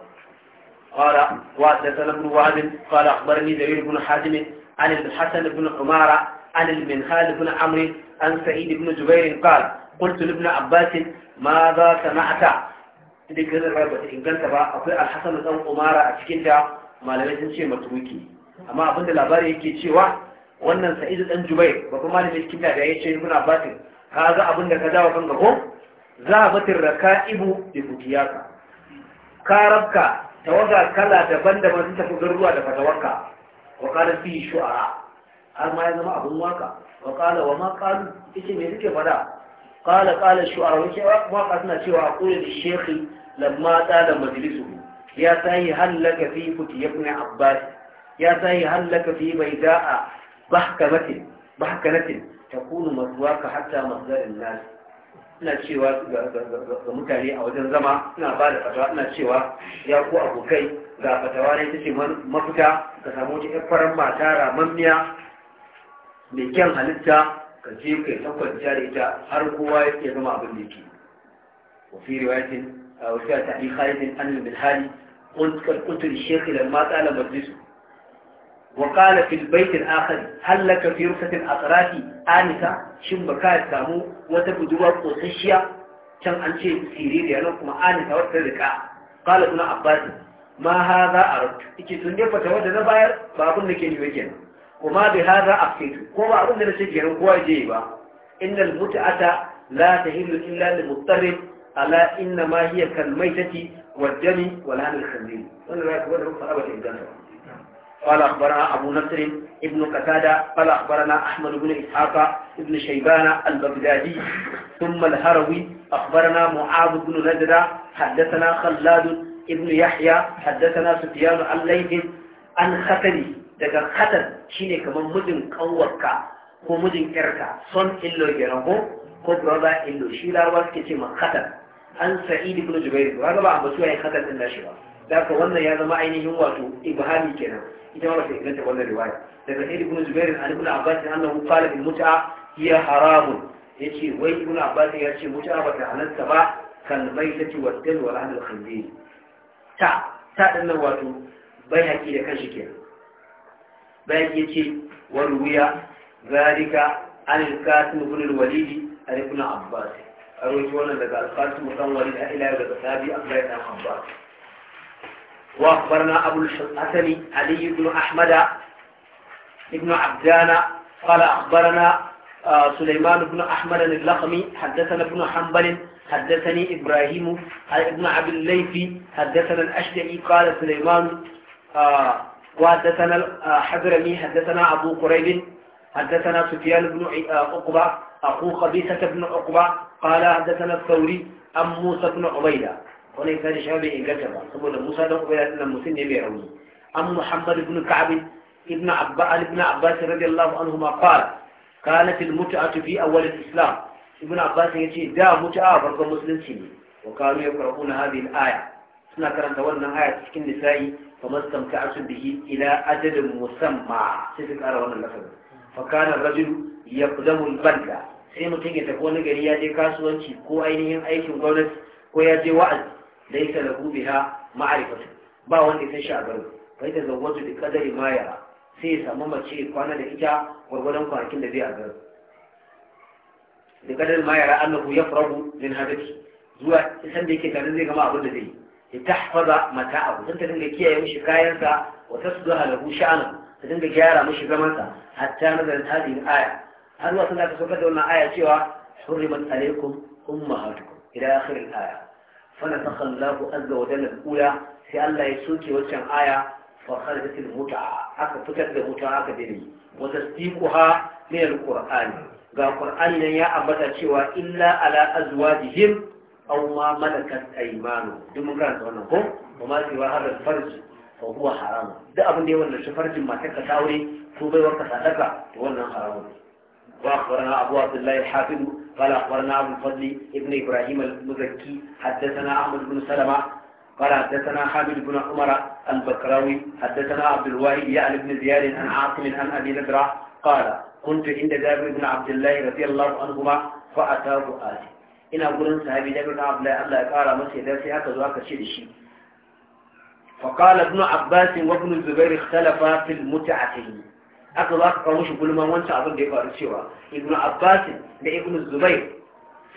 قال وحدثنا ابن وهب قال أخبرني زهير بن حازم عن الحسن بن عمارة عن المنهال بن عمرو عن سعيد بن جبير قال قلت لابن عباس ماذا سمعت duk ganin rai bata inganta ba akwai alhassan dan umara a cikin da malamai sun ce matuki amma abinda labari yake cewa wannan sa'idu dan jubair babban malamin kimiyya da ya ce ibn abbasin ka ga abin da ka dawo kan gabo zabatin raka'ibu bi kutiyaka ka rabka tawaga kala daban-daban sun tafi garuwa da fatawarka wa kana fi shu'a har ma ya zama abun waka wa kala wa ma qalu yace me suke fada qala qala shu'a yace waka suna cewa qulu da shekhi lamma tsada majlisuhu ya yi hallaka fi futiyakun abbas ya yi hallaka fi baida'a ta kunu takunu ka hatta masdarin nasi ina cewa ga mutane a wajen zama ina ba da fatawa ina cewa ya ku abokai ga fatawa ne tace mafita ka samu wata yar farar mata ramammiya mai kyan halitta ka je kai ta kwanciya da ita har kowa ya zama abin da yake riwayatin رواية وفيها تحديد خالد عن المنهالي قلت كالقلت للشيخ لما قال مجلسه وقال في البيت الآخر هل لك في رفة الأطراف آنسة شن بكا سامو وتبدو قصشية كان أنشي سيرير ينوكما آنسة وتذكى قال ابن عباس ما هذا أردت إكي سنجي فتوات نباير بابن لكي يوجينا وما بهذا أفكيت كما أبن نسجينا وكوا جيبا إن المتعة لا تهل إلا لمضطرب ألا إنما هي كالميتة والدم ولعن الخنزير وأنا لا أكبر فأبت إنجانها قال أخبرنا أبو نصر ابن قتادة قال أخبرنا أحمد بن إسحاق ابن شيبان البغدادي ثم الهروي أخبرنا معاذ بن نجرة حدثنا خلاد ابن يحيى حدثنا سفيان عن ليث عن خطري daga khatar shine kamar mijin kanwarka ko mijin yarka son illo kenan ko ko brother illo shi larabawa suke ce man khatar an sa'id ibn jubair ba ga ba a basuwa ya khatar din nashi ba da wannan ya zama ainihin wato ibhami kenan ita ma ta inganta wannan riwaya daga sai ibn zubair an ibn abbas annahu qala bil mut'a hiya haramun yace wai ibn abbas ya ce mut'a ba ta halatta ba kal baitati wad dal wal ahl al khanzir ta ta nan wato bai haƙi da kan shi kenan bai haƙi yace wa ruwiya zalika an al-qasim ibn al-walid an ibn abbas a wannan daga al-qasim ibn walid a ila daga sahabi abdullahi ibn abbas وأخبرنا أبو الحسن علي بن أحمد بن عبدان قال أخبرنا آه، سليمان بن أحمد اللخمي حدثنا ابن حنبل حدثني إبراهيم آه، ابن عبد الليث حدثنا الأشجعي قال سليمان آه، وحدثنا الحضرمي حدثنا أبو قريب حدثنا سفيان بن عقبة أخو خبيثة بن عقبة قال حدثنا الثوري أم موسى بن عبيدة wani ta shi bai inganta ba saboda Musa da Ubayda din mutum ne mai rauni an Muhammad ibn Ka'ab ibn Abba ibn Abbas radiyallahu anhu ma qala kanat al-mut'atu fi awwal al-islam ibn Abbas yace da mut'a farkon musulunci ne wa kanu yaqra'una hadhihi al-aya suna karanta wannan aya cikin nisa'i kamar samta'atu bihi ila adadin musamma sai su wannan lafazin fa kana rajulu yaqdamu al-balda sai mutum ya tafi wani gari ya je kasuwanci ko ainihin aikin gwamnati ko ya je wa'azi laisa lahu biha ma'rifatu ba wanda ya san shi a garin bai ta zawwaju sai ya samu mace kwana da ita gwargwadon kwanakin da zai a garin da qadari ma zuwa isan da yake garin zai gama abin da zai yi ya mata abu dan ta dinga kiyaye mishi kayansa wa tasdaha a sha'anahu ta dinga gyara mishi zamansa hatta nazarin hadin aya har wasu za ta saukar da wannan aya cewa حرمت عليكم أمهاتكم إلى آخر aya. فنفخ الله عز وجل الأولى في الله يسوك وشم آية فخرجت المتعة أكا فتت المتعة كدري وتصديقها من القرآن قال القرآن يا أبدا شوى إلا على أزواجهم أو ما ملكت أيمانهم دمكران تغنقوا وما سوى هذا الفرج فهو حرام ده أبن دي وانا شفرج ما تكتاوري توبي وقت صدقة وانا حرام وأخبرنا أبو عبد الله الحافظ قال أخبرنا أبو الفضل ابن إبراهيم المزكي حدثنا أحمد بن سلمة قال حدثنا حامد بن عمر البكراوي حدثنا عبد الواحد يعلى بن زياد عن عاصم عن أبي نضرة قال كنت عند جابر بن عبد الله رضي الله عنهما فأتاه آتي ina gurin sahabi jabir da Abdullahi Allah ya kara masa idan sai aka zo aka ce da shi fa qala ibn abbas wa ibn zubair ikhtalafa fil mut'atihi aka za ka kawo shi gulman wancan abin da ya faru cewa Ibn abbas da Ibn zubair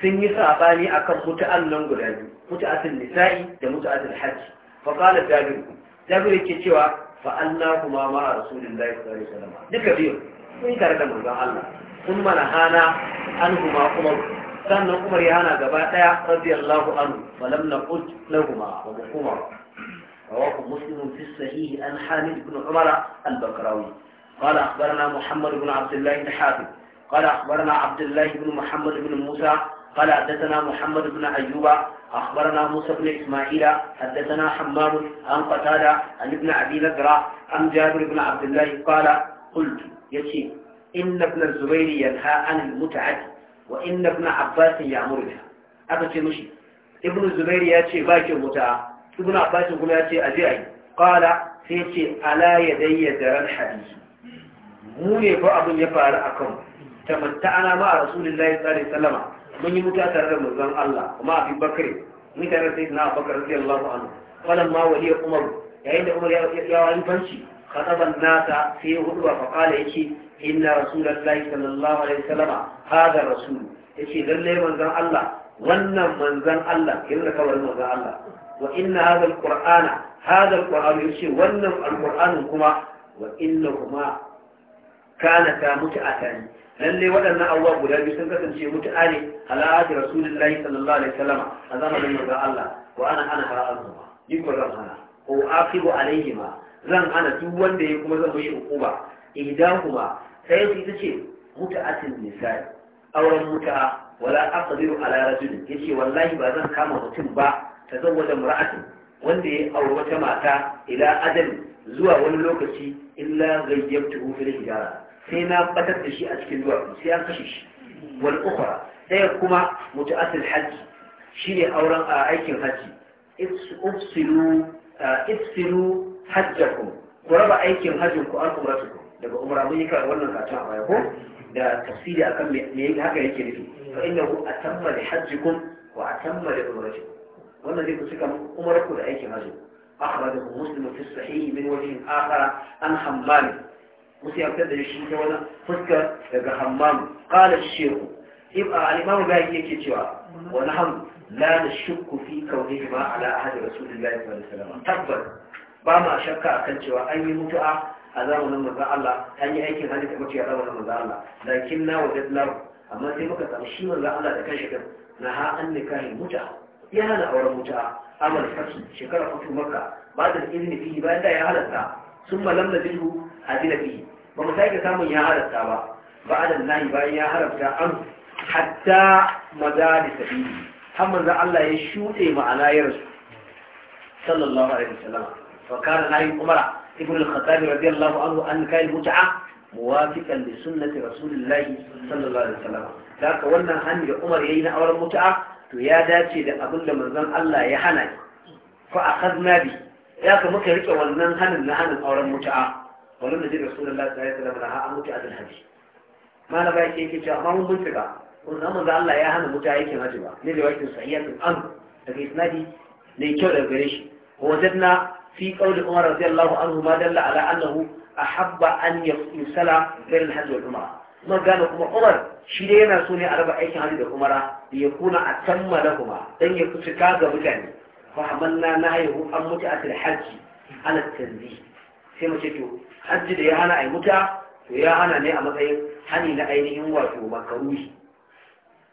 sun yi sabani akan mutu'an nan guda biyu mutu'atul nisa'i da mutu'atul hajj fa qala jabir jabir yake cewa fa annahuma ma rasulillahi sallallahu alaihi wasallam duka biyu sun tare da manzon Allah sun mana hana an huma kuma sannan Umar ya hana gaba daya radiyallahu anhu fa lam naqut lahuma wa hukuma rawahu muslim fi sahih an hamid ibn umara al-bakrawi قال أخبرنا محمد بن عبد الله الحافظ قال أخبرنا عبد الله بن محمد بن موسى قال حدثنا محمد بن أيوب أخبرنا موسى بن إسماعيل حدثنا حمام عن قتادة عن ابن أبي نذرة عن جابر بن عبد الله قال قلت يشي إن ابن الزبير ينهى عن المتعة وإن ابن عباس يأمر بها أبا مشي ابن الزبير يأتي باكر متعة ابن عباس يقول يأتي أجعي قال سيأتي على يدي درى الحديث mu ne fa abin ya faru a kan tamatta ana ma a rasulullahi sallallahu alaihi wasallam mun yi muta tare da mazan Allah kuma Abi Bakr mun tare da sayyidina Abu Bakr radiyallahu anhu falan ma wali Umar yayin da Umar ya wani fanci khataban nasa sai huduwa fa kala yace inna rasulullahi sallallahu alaihi wasallam hada rasul yace lalle manzon Allah wannan manzon Allah kin da kawai manzon Allah wa inna hada alqur'ana hada alqur'an yace wannan alqur'anin kuma wa inna kuma kana ta mutu a tani lalle waɗannan abubuwa guda biyu sun kasance mutu ne al'adar rasulullahi sallallahu alaihi wasallam a zamanin manzon Allah wa ana ana har azuma ni ko zan hana ko aqibu alaihima zan hana duk wanda ya kuma zan mishi hukuma kuma sai su tace ce muta'atin nisa'i auren muta'a wala aqdiru ala rajulin yace wallahi ba zan kama mutum ba ta wajen muratin wanda ya auri wata mata ila adam zuwa wani lokaci illa gayyabtu fil hijara sai na batar da shi a cikin duwatsu sai an kashe shi Wani ukhra daya kuma mutu mutu'assil hajji shine auren a aikin hajji ifsilu ifsilu ku raba aikin hajjin ku an umratukum daga umra mun yi kawai wannan katon a baya ko da tafsiri kan me haka yake nufi fa innahu atamma li hajjikum wa atamma li umratikum wannan zai kusa kamar umarku da aikin hajji akhrajahu muslimu fi sahih min wajhin akhar an hammali wasu ya fitar da shi ta wani fuska daga hammam qala shehu al-imam bai yake cewa wani naham la nashukku fi kaunihi ma ala ahadi rasulillahi sallallahu alaihi wasallam ba ma shakka akan cewa an yi mutu'a a zamanin manzon Allah an yi aikin hali da a zamanin manzon Allah kin na wajadna amma sai muka samu shi manzon Allah da kanshi din na ha an nikahi mutu'a ya hana auren mutu'a amal fasu shekara fatu makka ba da izini fihi bayan da ya halatta sun malam da a adila fihi ba mu sake samun ya haramta ba ba'adan da bayan ya harabta an hatta maza da sabili har manzo Allah ya shuɗe ma'ana ya rasu sallallahu alaihi wasallam fa kana lahi umara ibn al-khattab radiyallahu anhu an kai muta'a muwafiqan li sunnati rasulillahi sallallahu alaihi wasallam haka wannan hannu da Umar yayi na auren muta'a to ya dace da abin da manzon Allah ya hana fa akhadna bi ya ka muka rike wannan hannun na hannun auren muta'a wani da jira sunan Allah sallallahu alaihi wasallam ha mutu abin haji malama yake yake cewa amma mun bincika kun san manzo Allah ya hana mutu aikin haji ba ne da wakin sayyatun an daga isnadi ne kyau daga gare shi wajadna fi qawli Umar radiyallahu anhu ma dalla ala annahu ahabba an yusala bain al-hajj wal umrah kuma gane kuma Umar shi dai yana so ne a raba aikin haji da umara da ya kuna a tamma da kuma dan ya kusa ga mutane fa na nahayu an mutu a hajji ala tanzih sai mu to hajji da ya hana a muta to ya hana ne a matsayin hani na ainihin wato makaruhi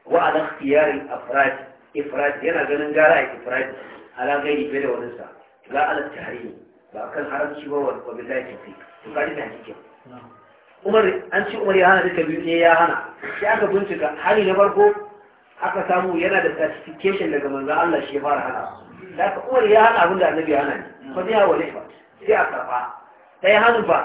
wa ala ikhtiyarin afrad ifrad yana ganin gara a ifrad ala gairi fi da wani sa la ala tahrim ba kan haramci ba wa billahi tawfiq to kaji da hakikin Umar an ce Umar ya hana duka biyu ne eh, ya hana sai aka bincika hali na farko aka samu yana da certification daga manzon Allah shi ya fara hana da aka Umar ya hana abin da annabi ya hana ne fa ya wani ba sai a karba ta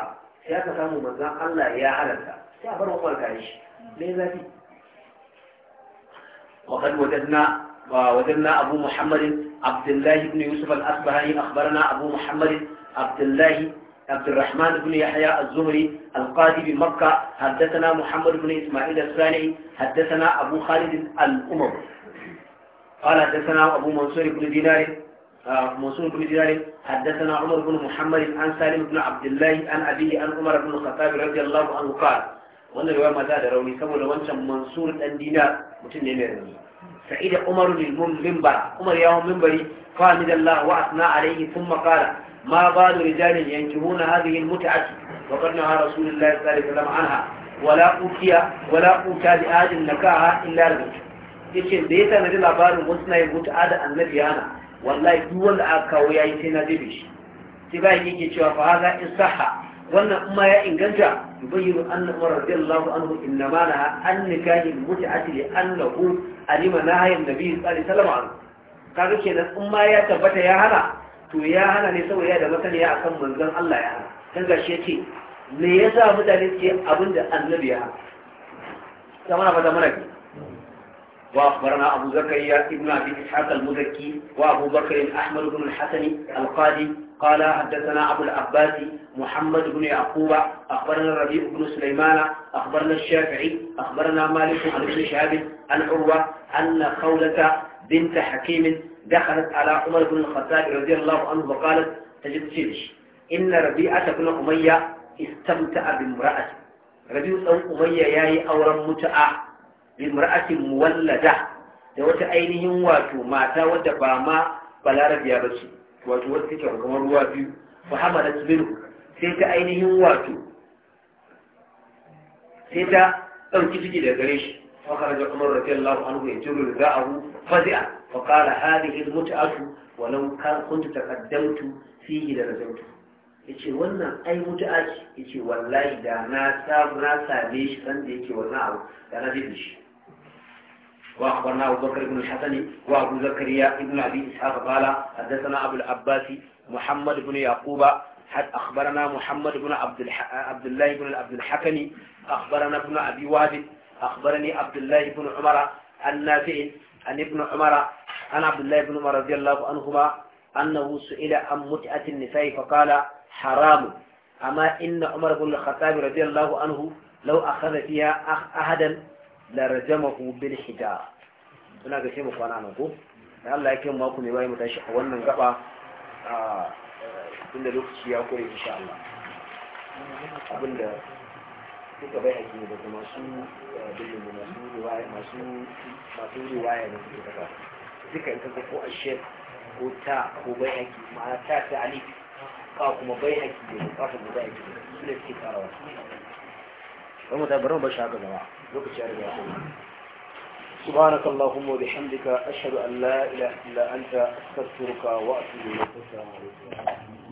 وقد وجدنا وجدنا أبو محمد عبد الله بن يوسف الأصبهاني أخبرنا أبو محمد عبد الله عبد الرحمن بن يحيى الزهري القاضي بمكة حدثنا محمد بن إسماعيل الثاني حدثنا أبو خالد الأمم قال حدثنا أبو منصور بن دينار منصور بن دينار حدثنا عمر بن محمد عن سالم بن عبد الله عن أبيه عن عمر بن الخطاب رضي الله عنه قال wannan riwaya mata da rauni saboda wancan mansur dan dina mutum ne mai rauni sa'id umar lil minbar umar yawon minbari fa nidallah wa asna alayhi thumma qala ma balu rijalin yankihuna hadhihi al mut'ati wa qad naha rasulullah sallallahu alaihi wasallam anha wala ukiya wala uta bi adin nakaha illa al yace da ya na labarin wasu yin da annabi yana wallahi duk wanda aka kawo yayi sai na zube shi sai bayan yake cewa fa hadha in sahha wannan in ya inganta yubayyiru anna umar radiyallahu anhu inna ma laha an nikahi mut'ati li annahu alima nahaya nabi sallallahu alaihi wasallam kaga kenan in ma ya tabbata ya hana to ya hana ne saboda ya da masaniya akan manzon Allah ya hana kan gashi yace me yasa mutane ke abinda annabi ya hana kamar ba da mana وأخبرنا أبو زكريا ابن أبي إسحاق المزكي وأبو بكر أحمد بن الحسن القاضي قال حدثنا أبو العباس محمد بن يعقوب أخبرنا الربيع بن سليمان أخبرنا الشافعي أخبرنا مالك عن ابن شهاب عن عروة أن خولة بنت حكيم دخلت على عمر بن الخطاب رضي الله عنه وقالت تجد سيدش إن ربيعة بن أمية استمتع بامرأته ربيع بن أمية ياي أورا متعة limra'atin muwallada da wata ainihin wato mata wadda ba ma balarabiya ba ce wato wata take kamar ruwa biyu fa hamalat minhu sai ta ainihin wato sai ta dauki ciki da gare shi فخرج عمر رضي الله fazi'a fa رداءه hadhihi فقال wa law kan كان taqaddamtu fihi la لرجوت yace wannan ai mutu'a ce yace wallahi da na samu na same shi san da yake wannan abu da na jibi shi وأخبرنا أبو بكر بن الحسن وأبو زكريا بن أبي إسحاق قال حدثنا أبو العباس محمد بن يعقوب حد أخبرنا محمد بن عبد, الح... عبد الله بن عبد الحكم أخبرنا ابن أبي واد أخبرني عبد الله بن عمر النافع عن ابن عمر عن عبد الله بن عمر رضي الله عنهما أنه سئل عن متعة النساء فقال حرام أما إن عمر بن الخطاب رضي الله عنه لو أخذ فيها أحدا larajamahu bil hijab ina ga sai mu kwana nan ko da Allah ya kai mu mako mai bayan mu tashi a wannan gaba a tunda lokaci ya kore insha Allah abinda duka bai haƙi ne daga masu dubin mu masu riwaya masu masu riwaya ne suke daga duka in kaga ko ashef ko ta ko bai haƙi ma'ana ta ta alif ka kuma bai haƙi da ko kafa bai haƙi ne su ne suke karawa wani mutabarin ba shi haka zama lokaci ya rigya kuma subhanaka allahumma wa bihamdika ashhadu an la ilaha illa anta astaghfiruka wa atubu ilayk assalamu alaikum